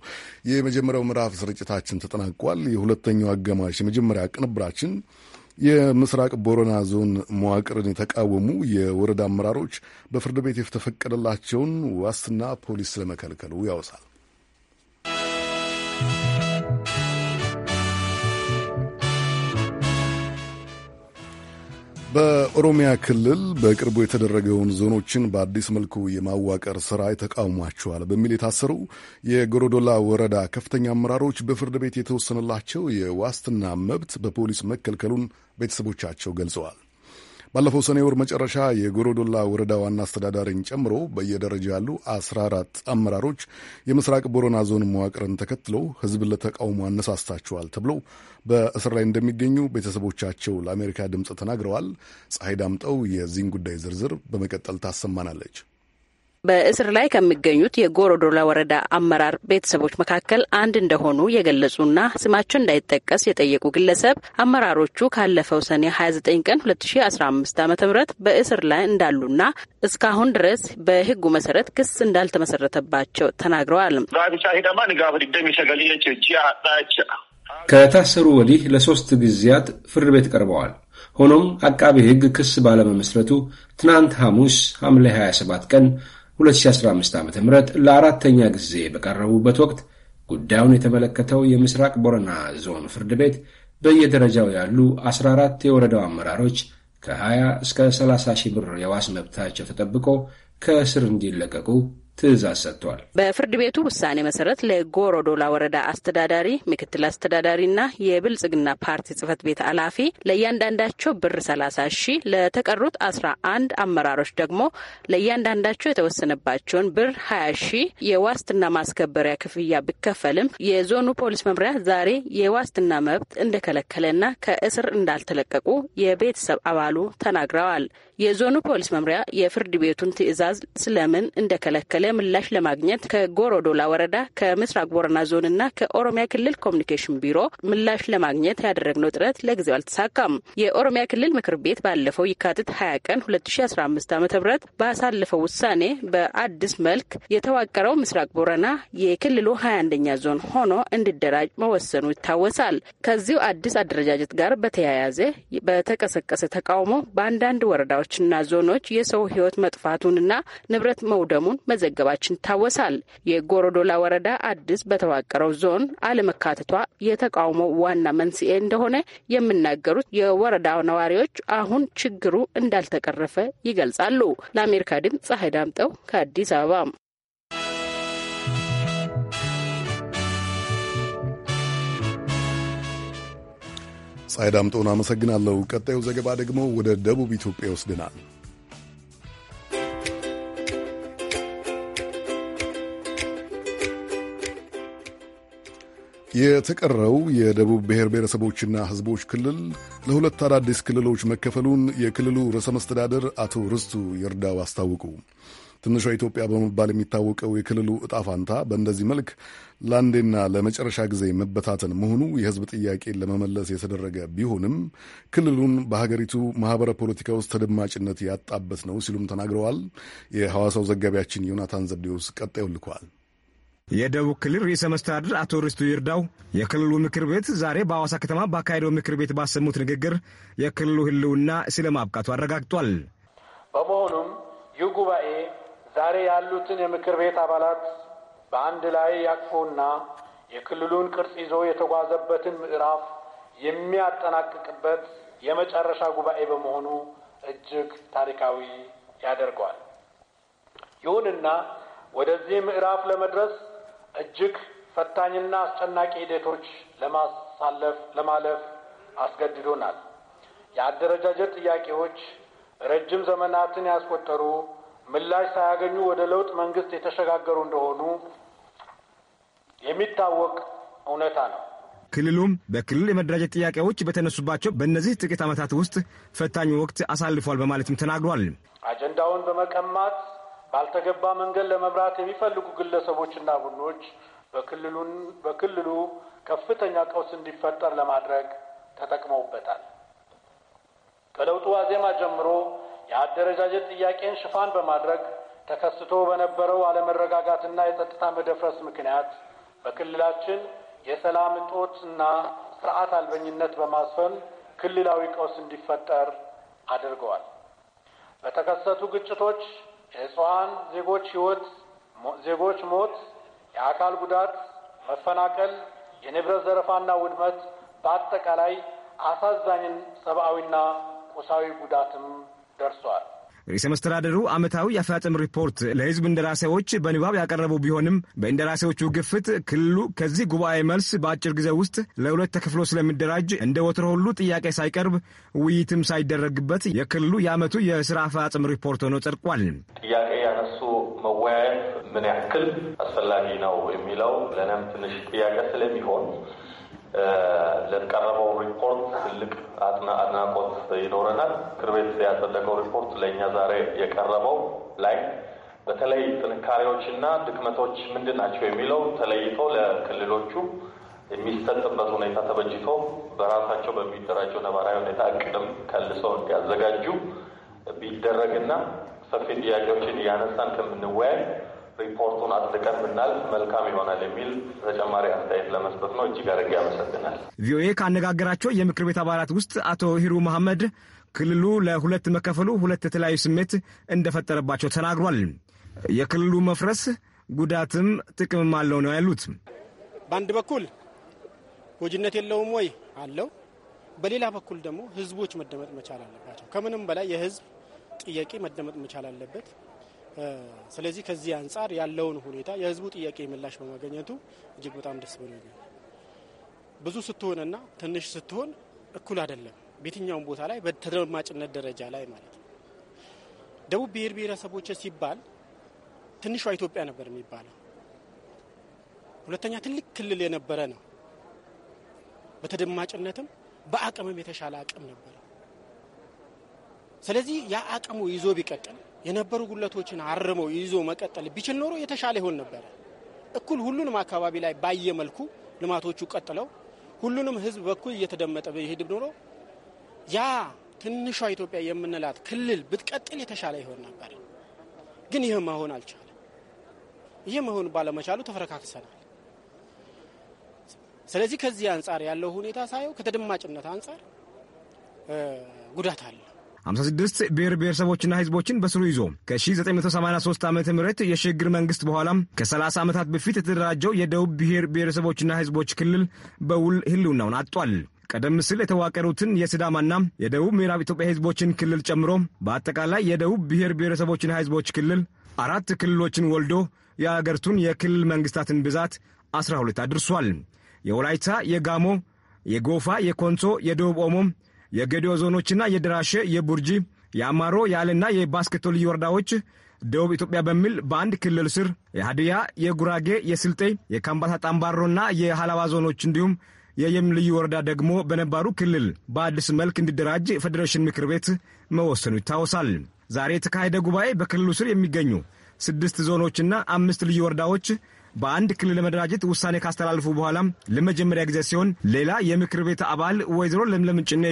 [SPEAKER 1] የመጀመሪያው ምዕራፍ ስርጭታችን ተጠናቋል። የሁለተኛው አጋማሽ የመጀመሪያ ቅንብራችን የምስራቅ ቦረና ዞን መዋቅርን የተቃወሙ የወረዳ አመራሮች በፍርድ ቤት የተፈቀደላቸውን ዋስትና ፖሊስ ስለመከልከሉ ያወሳል። በኦሮሚያ ክልል በቅርቡ የተደረገውን ዞኖችን በአዲስ መልኩ የማዋቀር ስራ ተቃውሟቸዋል በሚል የታሰሩ የጎሮዶላ ወረዳ ከፍተኛ አመራሮች በፍርድ ቤት የተወሰነላቸው የዋስትና መብት በፖሊስ መከልከሉን ቤተሰቦቻቸው ገልጸዋል። ባለፈው ሰኔ ወር መጨረሻ የጎሮዶላ ወረዳ ዋና አስተዳዳሪን ጨምሮ በየደረጃ ያሉ 14 አመራሮች የምስራቅ ቦረና ዞን መዋቅርን ተከትለው ህዝብ ለተቃውሞ አነሳስታችኋል ተብለው በእስር ላይ እንደሚገኙ ቤተሰቦቻቸው ለአሜሪካ ድምፅ ተናግረዋል። ፀሐይ ዳምጠው የዚህን ጉዳይ ዝርዝር በመቀጠል ታሰማናለች።
[SPEAKER 16] በእስር ላይ ከሚገኙት የጎሮዶላ ወረዳ አመራር ቤተሰቦች መካከል አንድ እንደሆኑ የገለጹና ስማቸው እንዳይጠቀስ የጠየቁ ግለሰብ አመራሮቹ ካለፈው ሰኔ 29 ቀን 2015 ዓ ም በእስር ላይ እንዳሉና እስካሁን ድረስ በህጉ መሰረት ክስ እንዳልተመሰረተባቸው ተናግረዋል።
[SPEAKER 12] ከታሰሩ ወዲህ ለሶስት ጊዜያት ፍርድ ቤት ቀርበዋል። ሆኖም አቃቤ ህግ ክስ ባለመመስረቱ ትናንት ሐሙስ ሐምሌ 27 ቀን 2015 ዓ ም ለአራተኛ ጊዜ በቀረቡበት ወቅት ጉዳዩን የተመለከተው የምስራቅ ቦረና ዞን ፍርድ ቤት በየደረጃው ያሉ 14 የወረዳው አመራሮች ከ20 እስከ 30 ሺህ ብር የዋስ መብታቸው ተጠብቆ ከእስር እንዲለቀቁ ትእዛዝ ሰጥቷል።
[SPEAKER 16] በፍርድ ቤቱ ውሳኔ መሰረት ለጎሮዶላ ወረዳ አስተዳዳሪ፣ ምክትል አስተዳዳሪና የብልጽግና ፓርቲ ጽህፈት ቤት ኃላፊ ለእያንዳንዳቸው ብር 30 ሺ ለተቀሩት 11 አመራሮች ደግሞ ለእያንዳንዳቸው የተወሰነባቸውን ብር 20 ሺህ የዋስትና ማስከበሪያ ክፍያ ቢከፈልም የዞኑ ፖሊስ መምሪያ ዛሬ የዋስትና መብት እንደከለከለና ከእስር እንዳልተለቀቁ የቤተሰብ አባሉ ተናግረዋል። የዞኑ ፖሊስ መምሪያ የፍርድ ቤቱን ትዕዛዝ ስለምን እንደከለከለ ምላሽ ለማግኘት ከጎሮዶላ ወረዳ ከምስራቅ ቦረና ዞንና ከኦሮሚያ ክልል ኮሚኒኬሽን ቢሮ ምላሽ ለማግኘት ያደረግነው ጥረት ለጊዜው አልተሳካም። የኦሮሚያ ክልል ምክር ቤት ባለፈው ይካትት 20 ቀን 2015 ዓ ም ባሳለፈው ውሳኔ በአዲስ መልክ የተዋቀረው ምስራቅ ቦረና የክልሉ 21ኛ ዞን ሆኖ እንዲደራጅ መወሰኑ ይታወሳል። ከዚሁ አዲስ አደረጃጀት ጋር በተያያዘ በተቀሰቀሰ ተቃውሞ በአንዳንድ ወረዳዎች ወረዳዎችና ዞኖች የሰው ህይወት መጥፋቱንና ንብረት መውደሙን መዘገባችን ይታወሳል። የጎረዶላ ወረዳ አዲስ በተዋቀረው ዞን አለመካተቷ የተቃውሞ ዋና መንስኤ እንደሆነ የሚናገሩት የወረዳው ነዋሪዎች አሁን ችግሩ እንዳልተቀረፈ ይገልጻሉ። ለአሜሪካ ድምፅ ፀሐይ ዳምጠው ከአዲስ አበባ
[SPEAKER 1] ፀሐይ ዳምጦን አመሰግናለሁ። ቀጣዩ ዘገባ ደግሞ ወደ ደቡብ ኢትዮጵያ ይወስድናል። የተቀረው የደቡብ ብሔር ብሔረሰቦችና ሕዝቦች ክልል ለሁለት አዳዲስ ክልሎች መከፈሉን የክልሉ ርዕሰ መስተዳደር አቶ ርስቱ ይርዳው አስታውቁ። ትንሿ ኢትዮጵያ በመባል የሚታወቀው የክልሉ እጣፋንታ ፋንታ በእንደዚህ መልክ ለአንዴና ለመጨረሻ ጊዜ መበታተን መሆኑ የህዝብ ጥያቄን ለመመለስ የተደረገ ቢሆንም ክልሉን በሀገሪቱ ማህበረ ፖለቲካ ውስጥ ተደማጭነት ያጣበት ነው ሲሉም ተናግረዋል። የሐዋሳው ዘጋቢያችን ዮናታን ዘብዴዎስ ቀጣዩ ልኳል።
[SPEAKER 17] የደቡብ ክልል ርዕሰ መስተዳድር አቶ ርስቱ ይርዳው የክልሉ ምክር ቤት ዛሬ በሐዋሳ ከተማ በአካሄደው ምክር ቤት ባሰሙት ንግግር የክልሉ ህልውና ስለ ማብቃቱ አረጋግጧል።
[SPEAKER 11] በመሆኑም ይህ ጉባኤ ዛሬ ያሉትን የምክር ቤት አባላት በአንድ ላይ ያቅፎና የክልሉን ቅርጽ ይዞ የተጓዘበትን ምዕራፍ የሚያጠናቅቅበት የመጨረሻ ጉባኤ በመሆኑ እጅግ ታሪካዊ ያደርገዋል። ይሁንና ወደዚህ ምዕራፍ ለመድረስ እጅግ ፈታኝና አስጨናቂ ሂደቶች ለማሳለፍ ለማለፍ አስገድዶናል። የአደረጃጀት ጥያቄዎች ረጅም ዘመናትን ያስቆጠሩ ምላሽ ሳያገኙ ወደ ለውጥ መንግስት የተሸጋገሩ እንደሆኑ የሚታወቅ እውነታ ነው።
[SPEAKER 17] ክልሉም በክልል የመደራጀት ጥያቄዎች በተነሱባቸው በእነዚህ ጥቂት ዓመታት ውስጥ ፈታኝ ወቅት አሳልፏል በማለትም ተናግሯል።
[SPEAKER 11] አጀንዳውን በመቀማት ባልተገባ መንገድ ለመምራት የሚፈልጉ ግለሰቦችና ቡድኖች በክልሉ ከፍተኛ ቀውስ እንዲፈጠር ለማድረግ ተጠቅመውበታል። ከለውጡ ዋዜማ ጀምሮ የአደረጃጀት ጥያቄን ሽፋን በማድረግ ተከስቶ በነበረው አለመረጋጋትና የጸጥታ መደፍረስ ምክንያት በክልላችን የሰላም እጦት እና ስርዓት አልበኝነት በማስፈን ክልላዊ ቀውስ እንዲፈጠር አድርገዋል። በተከሰቱ ግጭቶች የእጽዋን ዜጎች ሕይወት፣ ዜጎች ሞት፣ የአካል ጉዳት፣ መፈናቀል፣ የንብረት ዘረፋና ውድመት በአጠቃላይ አሳዛኝን ሰብአዊና ቁሳዊ ጉዳትም
[SPEAKER 17] ደርሷል። ርዕሰ መስተዳደሩ ዓመታዊ የአፈጻጸም ሪፖርት ለሕዝብ እንደራሴዎች በንባብ ያቀረቡ ቢሆንም በእንደራሴዎቹ ግፍት ክልሉ ከዚህ ጉባኤ መልስ በአጭር ጊዜ ውስጥ ለሁለት ተከፍሎ ስለሚደራጅ እንደ ወትሮ ሁሉ ጥያቄ ሳይቀርብ ውይይትም ሳይደረግበት የክልሉ የዓመቱ የስራ አፈጻጸም ሪፖርት ሆኖ ጸድቋል።
[SPEAKER 14] ጥያቄ ያነሱ መወያየት ምን ያክል አስፈላጊ ነው የሚለው ለእኔም ትንሽ ጥያቄ ስለሚሆን ለቀረበው ሪፖርት ትልቅ አድናቆት ይኖረናል። ምክር ቤት ያጸደቀው ሪፖርት ለእኛ ዛሬ የቀረበው ላይ በተለይ ጥንካሬዎችና ድክመቶች ምንድን ናቸው የሚለው ተለይቶ ለክልሎቹ የሚሰጥበት ሁኔታ ተበጅቶ በራሳቸው በሚደራጀው ነባራዊ ሁኔታ እቅድም ከልሰው እንዲያዘጋጁ ቢደረግና ሰፊ ጥያቄዎችን እያነሳን ከምንወያይ ሪፖርቱን አጥልቀን ብናል መልካም ይሆናል የሚል ተጨማሪ አስተያየት ለመስጠት ነው። እጅግ አድርጌ ያመሰግናል።
[SPEAKER 17] ቪኦኤ ካነጋገራቸው የምክር ቤት አባላት ውስጥ አቶ ሂሩ መሐመድ ክልሉ ለሁለት መከፈሉ ሁለት የተለያዩ ስሜት እንደፈጠረባቸው ተናግሯል። የክልሉ መፍረስ ጉዳትም ጥቅምም አለው ነው ያሉት። በአንድ በኩል
[SPEAKER 18] ጎጂነት የለውም ወይ አለው። በሌላ በኩል ደግሞ ህዝቦች መደመጥ መቻል አለባቸው። ከምንም በላይ የህዝብ ጥያቄ መደመጥ መቻል አለበት። ስለዚህ ከዚህ አንጻር ያለውን ሁኔታ የህዝቡ ጥያቄ ምላሽ በማግኘቱ እጅግ በጣም ደስ ብሎኛል። ብዙ ስትሆንና ትንሽ ስትሆን እኩል አይደለም፣ በየትኛውም ቦታ ላይ በተደማጭነት ደረጃ ላይ ማለት ነው። ደቡብ ብሔር ብሔረሰቦች ሲባል ትንሿ ኢትዮጵያ ነበር የሚባለው። ሁለተኛ ትልቅ ክልል የነበረ ነው። በተደማጭነትም በአቅምም የተሻለ አቅም ነበረ። ስለዚህ ያ አቅሙ ይዞ ቢቀጥል የነበሩ ጉለቶችን አርመው ይዞ መቀጠል ቢችል ኖሮ የተሻለ ይሆን ነበረ። እኩል ሁሉንም አካባቢ ላይ ባየ መልኩ ልማቶቹ ቀጥለው ሁሉንም ህዝብ በኩል እየተደመጠ በሄድ ኖሮ ያ ትንሿ ኢትዮጵያ የምንላት ክልል ብትቀጥል የተሻለ ይሆን ነበር። ግን ይህ መሆን አልቻለም። ይህ መሆን ባለመቻሉ ተፈረካክሰናል። ስለዚህ ከዚህ አንጻር ያለው ሁኔታ ሳየው ከተደማጭነት አንጻር ጉዳት
[SPEAKER 17] አለ። 56 ብሔር ብሔረሰቦችና ህዝቦችን በስሩ ይዞ ከ1983 ዓ ም የሽግግር መንግስት በኋላ ከ30 ዓመታት በፊት የተደራጀው የደቡብ ብሔር ብሔረሰቦችና ህዝቦች ክልል በውል ህልውናውን አጧል። ቀደም ሲል የተዋቀሩትን የስዳማና የደቡብ ምዕራብ ኢትዮጵያ ህዝቦችን ክልል ጨምሮ በአጠቃላይ የደቡብ ብሔር ብሔረሰቦችና ህዝቦች ክልል አራት ክልሎችን ወልዶ የአገሪቱን የክልል መንግስታትን ብዛት 12 አድርሷል። የወላይታ፣ የጋሞ፣ የጎፋ፣ የኮንሶ፣ የደቡብ ኦሞ የገዲዮ ዞኖችና የደራሼ፣ የቡርጂ፣ የአማሮ፣ የአለና የባስኬቶ ልዩ ወረዳዎች ደቡብ ኢትዮጵያ በሚል በአንድ ክልል ስር የሀዲያ፣ የጉራጌ፣ የስልጤ፣ የካምባታ፣ ጣምባሮና የሀላባ ዞኖች እንዲሁም የየም ልዩ ወረዳ ደግሞ በነባሩ ክልል በአዲስ መልክ እንዲደራጅ ፌዴሬሽን ምክር ቤት መወሰኑ ይታወሳል። ዛሬ የተካሄደ ጉባኤ በክልሉ ስር የሚገኙ ስድስት ዞኖችና አምስት ልዩ ወረዳዎች በአንድ ክልል ለመደራጀት ውሳኔ ካስተላለፉ በኋላ ለመጀመሪያ ጊዜ ሲሆን ሌላ የምክር ቤት አባል ወይዘሮ ለምለም ጭኔ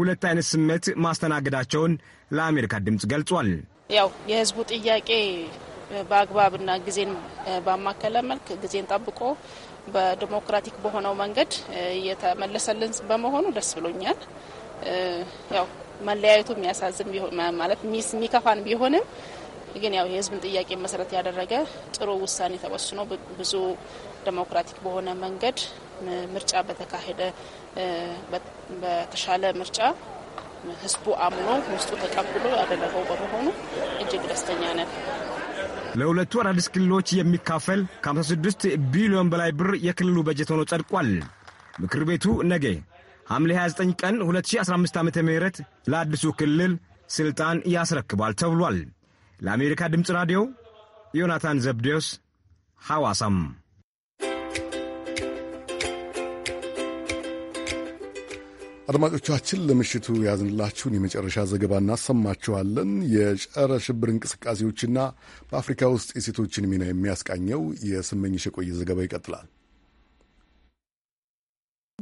[SPEAKER 17] ሁለት አይነት ስሜት ማስተናገዳቸውን ለአሜሪካ ድምፅ ገልጿል።
[SPEAKER 16] ያው የህዝቡ ጥያቄ በአግባብና ጊዜን ባማከለ መልክ ጊዜን ጠብቆ በዲሞክራቲክ በሆነው መንገድ እየተመለሰልን በመሆኑ ደስ ብሎኛል። ያው መለያየቱ የሚያሳዝን ማለት የሚከፋን ቢሆንም ግን ያው የህዝብን ጥያቄ መሰረት ያደረገ ጥሩ ውሳኔ ተወስኖ ብዙ ዴሞክራቲክ በሆነ መንገድ ምርጫ በተካሄደ በተሻለ ምርጫ ህዝቡ አምኖ ውስጡ ተቀብሎ ያደረገው በመሆኑ እጅግ ደስተኛ ነን።
[SPEAKER 17] ለሁለቱ አዳዲስ ክልሎች የሚካፈል ከ56 ቢሊዮን በላይ ብር የክልሉ በጀት ሆኖ ጸድቋል። ምክር ቤቱ ነገ ሐምሌ 29 ቀን 2015 ዓ ም ለአዲሱ ክልል ስልጣን ያስረክባል ተብሏል። ለአሜሪካ ድምፅ ራዲዮ ዮናታን ዘብዴዎስ ሐዋሳም።
[SPEAKER 1] አድማጮቻችን ለምሽቱ ያዝንላችሁን የመጨረሻ ዘገባ እናሰማችኋለን። የጸረ ሽብር እንቅስቃሴዎችና በአፍሪካ ውስጥ የሴቶችን ሚና የሚያስቃኘው የስመኝሽ የቆየ ዘገባ ይቀጥላል።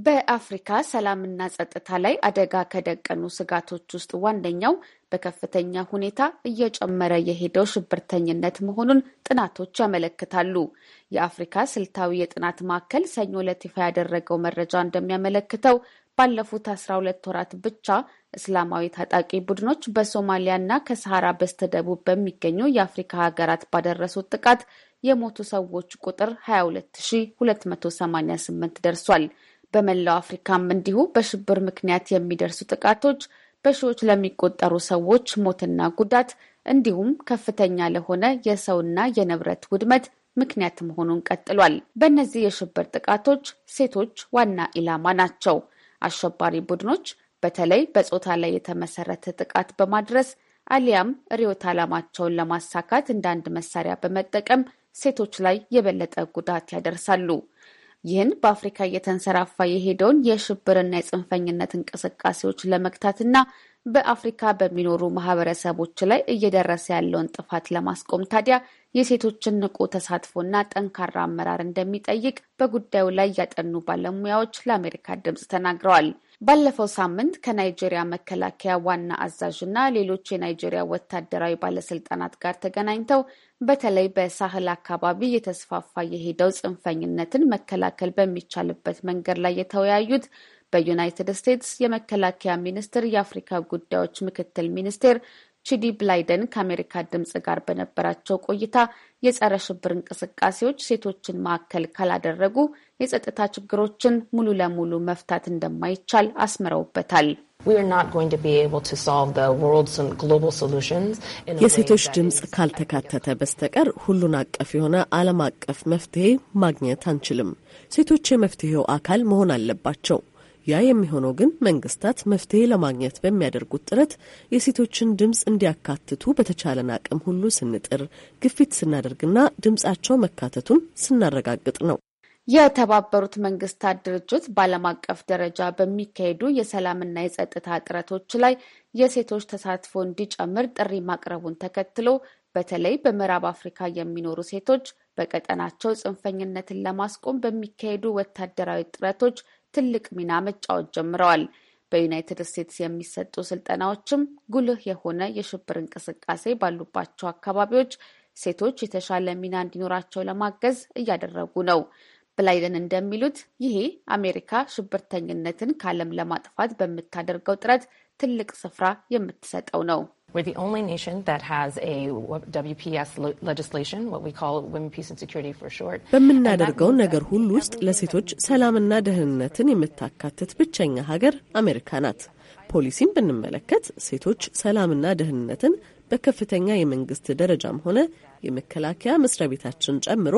[SPEAKER 19] በአፍሪካ ሰላምና ጸጥታ ላይ አደጋ ከደቀኑ ስጋቶች ውስጥ ዋነኛው በከፍተኛ ሁኔታ እየጨመረ የሄደው ሽብርተኝነት መሆኑን ጥናቶች ያመለክታሉ። የአፍሪካ ስልታዊ የጥናት ማዕከል ሰኞ ዕለት ይፋ ያደረገው መረጃ እንደሚያመለክተው ባለፉት 12 ወራት ብቻ እስላማዊ ታጣቂ ቡድኖች በሶማሊያና ከሰሃራ በስተደቡብ በሚገኙ የአፍሪካ ሀገራት ባደረሱት ጥቃት የሞቱ ሰዎች ቁጥር 22288 ደርሷል። በመላው አፍሪካም እንዲሁ በሽብር ምክንያት የሚደርሱ ጥቃቶች በሺዎች ለሚቆጠሩ ሰዎች ሞትና ጉዳት እንዲሁም ከፍተኛ ለሆነ የሰውና የንብረት ውድመት ምክንያት መሆኑን ቀጥሏል። በእነዚህ የሽብር ጥቃቶች ሴቶች ዋና ኢላማ ናቸው። አሸባሪ ቡድኖች በተለይ በጾታ ላይ የተመሰረተ ጥቃት በማድረስ አሊያም ርዕዮተ ዓላማቸውን ለማሳካት እንደ አንድ መሳሪያ በመጠቀም ሴቶች ላይ የበለጠ ጉዳት ያደርሳሉ። ይህን በአፍሪካ እየተንሰራፋ የሄደውን የሽብርና የጽንፈኝነት እንቅስቃሴዎች ለመግታትና በአፍሪካ በሚኖሩ ማህበረሰቦች ላይ እየደረሰ ያለውን ጥፋት ለማስቆም ታዲያ የሴቶችን ንቁ ተሳትፎና ጠንካራ አመራር እንደሚጠይቅ በጉዳዩ ላይ ያጠኑ ባለሙያዎች ለአሜሪካ ድምፅ ተናግረዋል። ባለፈው ሳምንት ከናይጄሪያ መከላከያ ዋና አዛዥ እና ሌሎች የናይጄሪያ ወታደራዊ ባለስልጣናት ጋር ተገናኝተው በተለይ በሳህል አካባቢ የተስፋፋ የሄደው ጽንፈኝነትን መከላከል በሚቻልበት መንገድ ላይ የተወያዩት በዩናይትድ ስቴትስ የመከላከያ ሚኒስቴር የአፍሪካ ጉዳዮች ምክትል ሚኒስቴር ቺዲ ብላይደን ከአሜሪካ ድምፅ ጋር በነበራቸው ቆይታ የጸረ ሽብር እንቅስቃሴዎች ሴቶችን ማዕከል ካላደረጉ የጸጥታ ችግሮችን ሙሉ ለሙሉ መፍታት እንደማይቻል አስምረውበታል። የሴቶች ድምፅ
[SPEAKER 10] ካልተካተተ በስተቀር ሁሉን አቀፍ የሆነ ዓለም አቀፍ መፍትሄ ማግኘት አንችልም። ሴቶች የመፍትሄው አካል መሆን አለባቸው። ያ የሚሆነው ግን መንግስታት መፍትሄ ለማግኘት በሚያደርጉት ጥረት የሴቶችን ድምፅ እንዲያካትቱ በተቻለን አቅም ሁሉ ስንጥር፣ ግፊት ስናደርግና ድምፃቸው መካተቱን ስናረጋግጥ ነው።
[SPEAKER 19] የተባበሩት መንግስታት ድርጅት በዓለም አቀፍ ደረጃ በሚካሄዱ የሰላምና የጸጥታ ጥረቶች ላይ የሴቶች ተሳትፎ እንዲጨምር ጥሪ ማቅረቡን ተከትሎ በተለይ በምዕራብ አፍሪካ የሚኖሩ ሴቶች በቀጠናቸው ጽንፈኝነትን ለማስቆም በሚካሄዱ ወታደራዊ ጥረቶች ትልቅ ሚና መጫወት ጀምረዋል። በዩናይትድ ስቴትስ የሚሰጡ ስልጠናዎችም ጉልህ የሆነ የሽብር እንቅስቃሴ ባሉባቸው አካባቢዎች ሴቶች የተሻለ ሚና እንዲኖራቸው ለማገዝ እያደረጉ ነው። ብላይደን እንደሚሉት ይሄ አሜሪካ ሽብርተኝነትን ከዓለም ለማጥፋት በምታደርገው ጥረት ትልቅ ስፍራ የምትሰጠው ነው።
[SPEAKER 16] We're the only nation that has a WPS legislation, what we call Women, Peace and Security for short.
[SPEAKER 10] በምናደርገው ነገር ሁሉ ውስጥ ለሴቶች ሰላምና ደህንነትን የምታካትት ብቸኛ ሀገር አሜሪካ ናት። ፖሊሲን ብንመለከት ሴቶች ሰላምና ደህንነትን በከፍተኛ የመንግስት ደረጃም ሆነ የመከላከያ መስሪያ ቤታችን ጨምሮ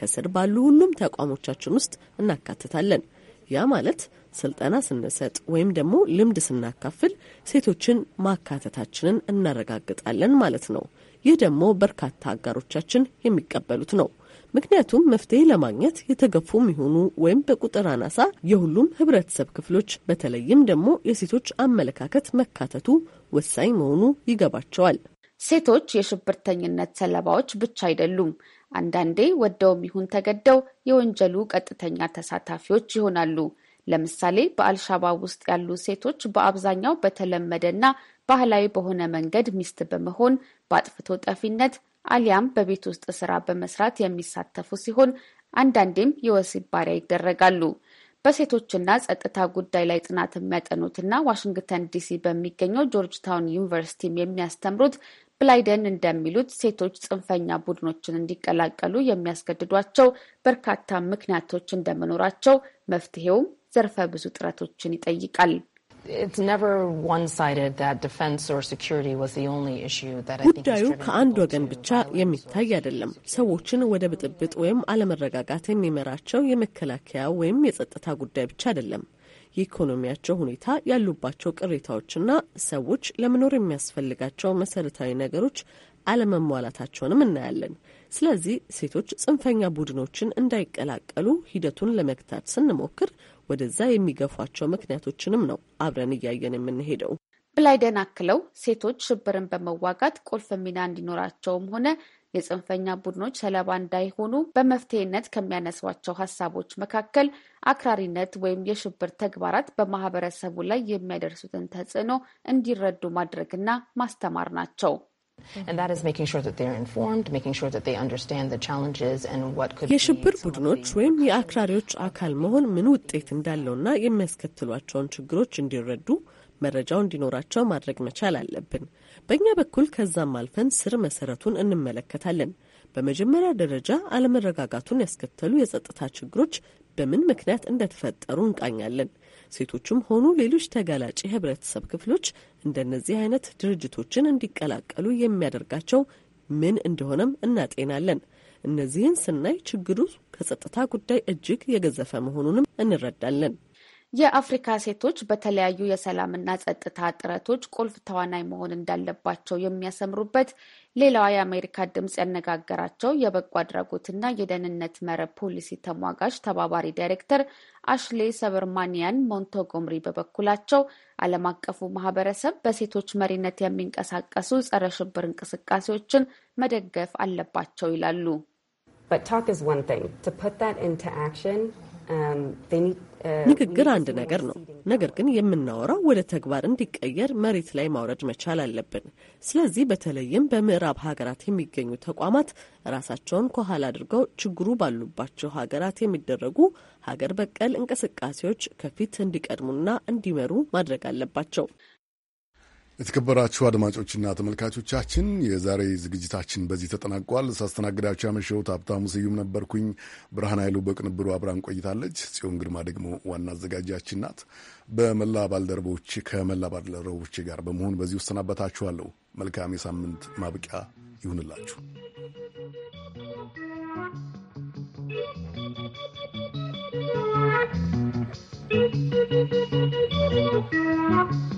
[SPEAKER 10] ከስር ባሉ ሁሉም ተቋሞቻችን ውስጥ እናካትታለን። ያ ማለት ስልጠና ስንሰጥ ወይም ደግሞ ልምድ ስናካፍል ሴቶችን ማካተታችንን እናረጋግጣለን ማለት ነው። ይህ ደግሞ በርካታ አጋሮቻችን የሚቀበሉት ነው። ምክንያቱም መፍትሄ ለማግኘት የተገፉ ይሆኑ ወይም በቁጥር አናሳ የሁሉም ህብረተሰብ ክፍሎች በተለይም ደግሞ የሴቶች አመለካከት መካተቱ
[SPEAKER 19] ወሳኝ መሆኑ ይገባቸዋል። ሴቶች የሽብርተኝነት ሰለባዎች ብቻ አይደሉም። አንዳንዴ ወደውም ይሁን ተገደው የወንጀሉ ቀጥተኛ ተሳታፊዎች ይሆናሉ። ለምሳሌ በአልሻባብ ውስጥ ያሉ ሴቶች በአብዛኛው በተለመደና ባህላዊ በሆነ መንገድ ሚስት በመሆን በአጥፍቶ ጠፊነት አሊያም በቤት ውስጥ ስራ በመስራት የሚሳተፉ ሲሆን አንዳንዴም የወሲብ ባሪያ ይደረጋሉ። በሴቶችና ጸጥታ ጉዳይ ላይ ጥናት የሚያጠኑትና ዋሽንግተን ዲሲ በሚገኘው ጆርጅ ታውን ዩኒቨርሲቲም የሚያስተምሩት ብላይደን እንደሚሉት ሴቶች ጽንፈኛ ቡድኖችን እንዲቀላቀሉ የሚያስገድዷቸው በርካታ ምክንያቶች እንደመኖራቸው መፍትሄውም ዘርፈ ብዙ ጥረቶችን ይጠይቃል።
[SPEAKER 10] ጉዳዩ ከአንድ ወገን ብቻ የሚታይ አይደለም። ሰዎችን ወደ ብጥብጥ ወይም አለመረጋጋት የሚመራቸው የመከላከያ ወይም የጸጥታ ጉዳይ ብቻ አይደለም። የኢኮኖሚያቸው ሁኔታ፣ ያሉባቸው ቅሬታዎችና ሰዎች ለመኖር የሚያስፈልጋቸው መሰረታዊ ነገሮች አለመሟላታቸውንም እናያለን። ስለዚህ ሴቶች ጽንፈኛ ቡድኖችን እንዳይቀላቀሉ ሂደቱን ለመግታት ስንሞክር ወደዛ የሚገፏቸው ምክንያቶችንም ነው አብረን እያየን የምንሄደው።
[SPEAKER 19] ብላይደን አክለው ሴቶች ሽብርን በመዋጋት ቁልፍ ሚና እንዲኖራቸውም ሆነ የጽንፈኛ ቡድኖች ሰለባ እንዳይሆኑ በመፍትሄነት ከሚያነሷቸው ሀሳቦች መካከል አክራሪነት ወይም የሽብር ተግባራት በማህበረሰቡ ላይ የሚያደርሱትን ተጽዕኖ እንዲረዱ ማድረግና ማስተማር ናቸው።
[SPEAKER 16] የሽብር ቡድኖች ወይም የአክራሪዎች አካል መሆን
[SPEAKER 19] ምን
[SPEAKER 10] ውጤት እንዳለውና የሚያስከትሏቸውን ችግሮች እንዲረዱ መረጃው እንዲኖራቸው ማድረግ መቻል አለብን። በእኛ በኩል ከዛም አልፈን ስር መሰረቱን እንመለከታለን። በመጀመሪያ ደረጃ አለመረጋጋቱን ያስከተሉ የጸጥታ ችግሮች በምን ምክንያት እንደተፈጠሩ እንቃኛለን። ሴቶችም ሆኑ ሌሎች ተጋላጭ የህብረተሰብ ክፍሎች እንደነዚህ አይነት ድርጅቶችን እንዲቀላቀሉ የሚያደርጋቸው ምን እንደሆነም እናጤናለን። እነዚህን ስናይ ችግሩ ከጸጥታ ጉዳይ እጅግ የገዘፈ መሆኑንም እንረዳለን።
[SPEAKER 19] የአፍሪካ ሴቶች በተለያዩ የሰላምና ጸጥታ ጥረቶች ቁልፍ ተዋናይ መሆን እንዳለባቸው የሚያሰምሩበት ሌላዋ የአሜሪካ ድምፅ ያነጋገራቸው የበጎ አድራጎትና የደህንነት መረብ ፖሊሲ ተሟጋች ተባባሪ ዳይሬክተር አሽሌ ሰበርማኒያን ሞንቶጎምሪ በበኩላቸው ዓለም አቀፉ ማህበረሰብ በሴቶች መሪነት የሚንቀሳቀሱ ጸረ ሽብር እንቅስቃሴዎችን መደገፍ አለባቸው ይላሉ።
[SPEAKER 10] ንግግር አንድ ነገር ነው። ነገር ግን የምናወራው ወደ ተግባር እንዲቀየር መሬት ላይ ማውረድ መቻል አለብን። ስለዚህ በተለይም በምዕራብ ሀገራት የሚገኙ ተቋማት ራሳቸውን ከኋላ አድርገው ችግሩ ባሉባቸው ሀገራት የሚደረጉ ሀገር በቀል እንቅስቃሴዎች ከፊት እንዲቀድሙና እንዲመሩ ማድረግ አለባቸው።
[SPEAKER 1] የተከበራችሁ አድማጮችና ተመልካቾቻችን የዛሬ ዝግጅታችን በዚህ ተጠናቋል። ሳስተናግዳችሁ ያመሸሁት ሀብታሙ ስዩም ነበርኩኝ። ብርሃን ኃይሉ በቅንብሩ አብራን ቆይታለች። ጽዮን ግርማ ደግሞ ዋና አዘጋጃችን ናት። በመላ ባልደረቦች ከመላ ባልደረቦች ጋር በመሆን በዚህ እሰናበታችኋለሁ። መልካም የሳምንት ማብቂያ ይሁንላችሁ።
[SPEAKER 5] Thank you.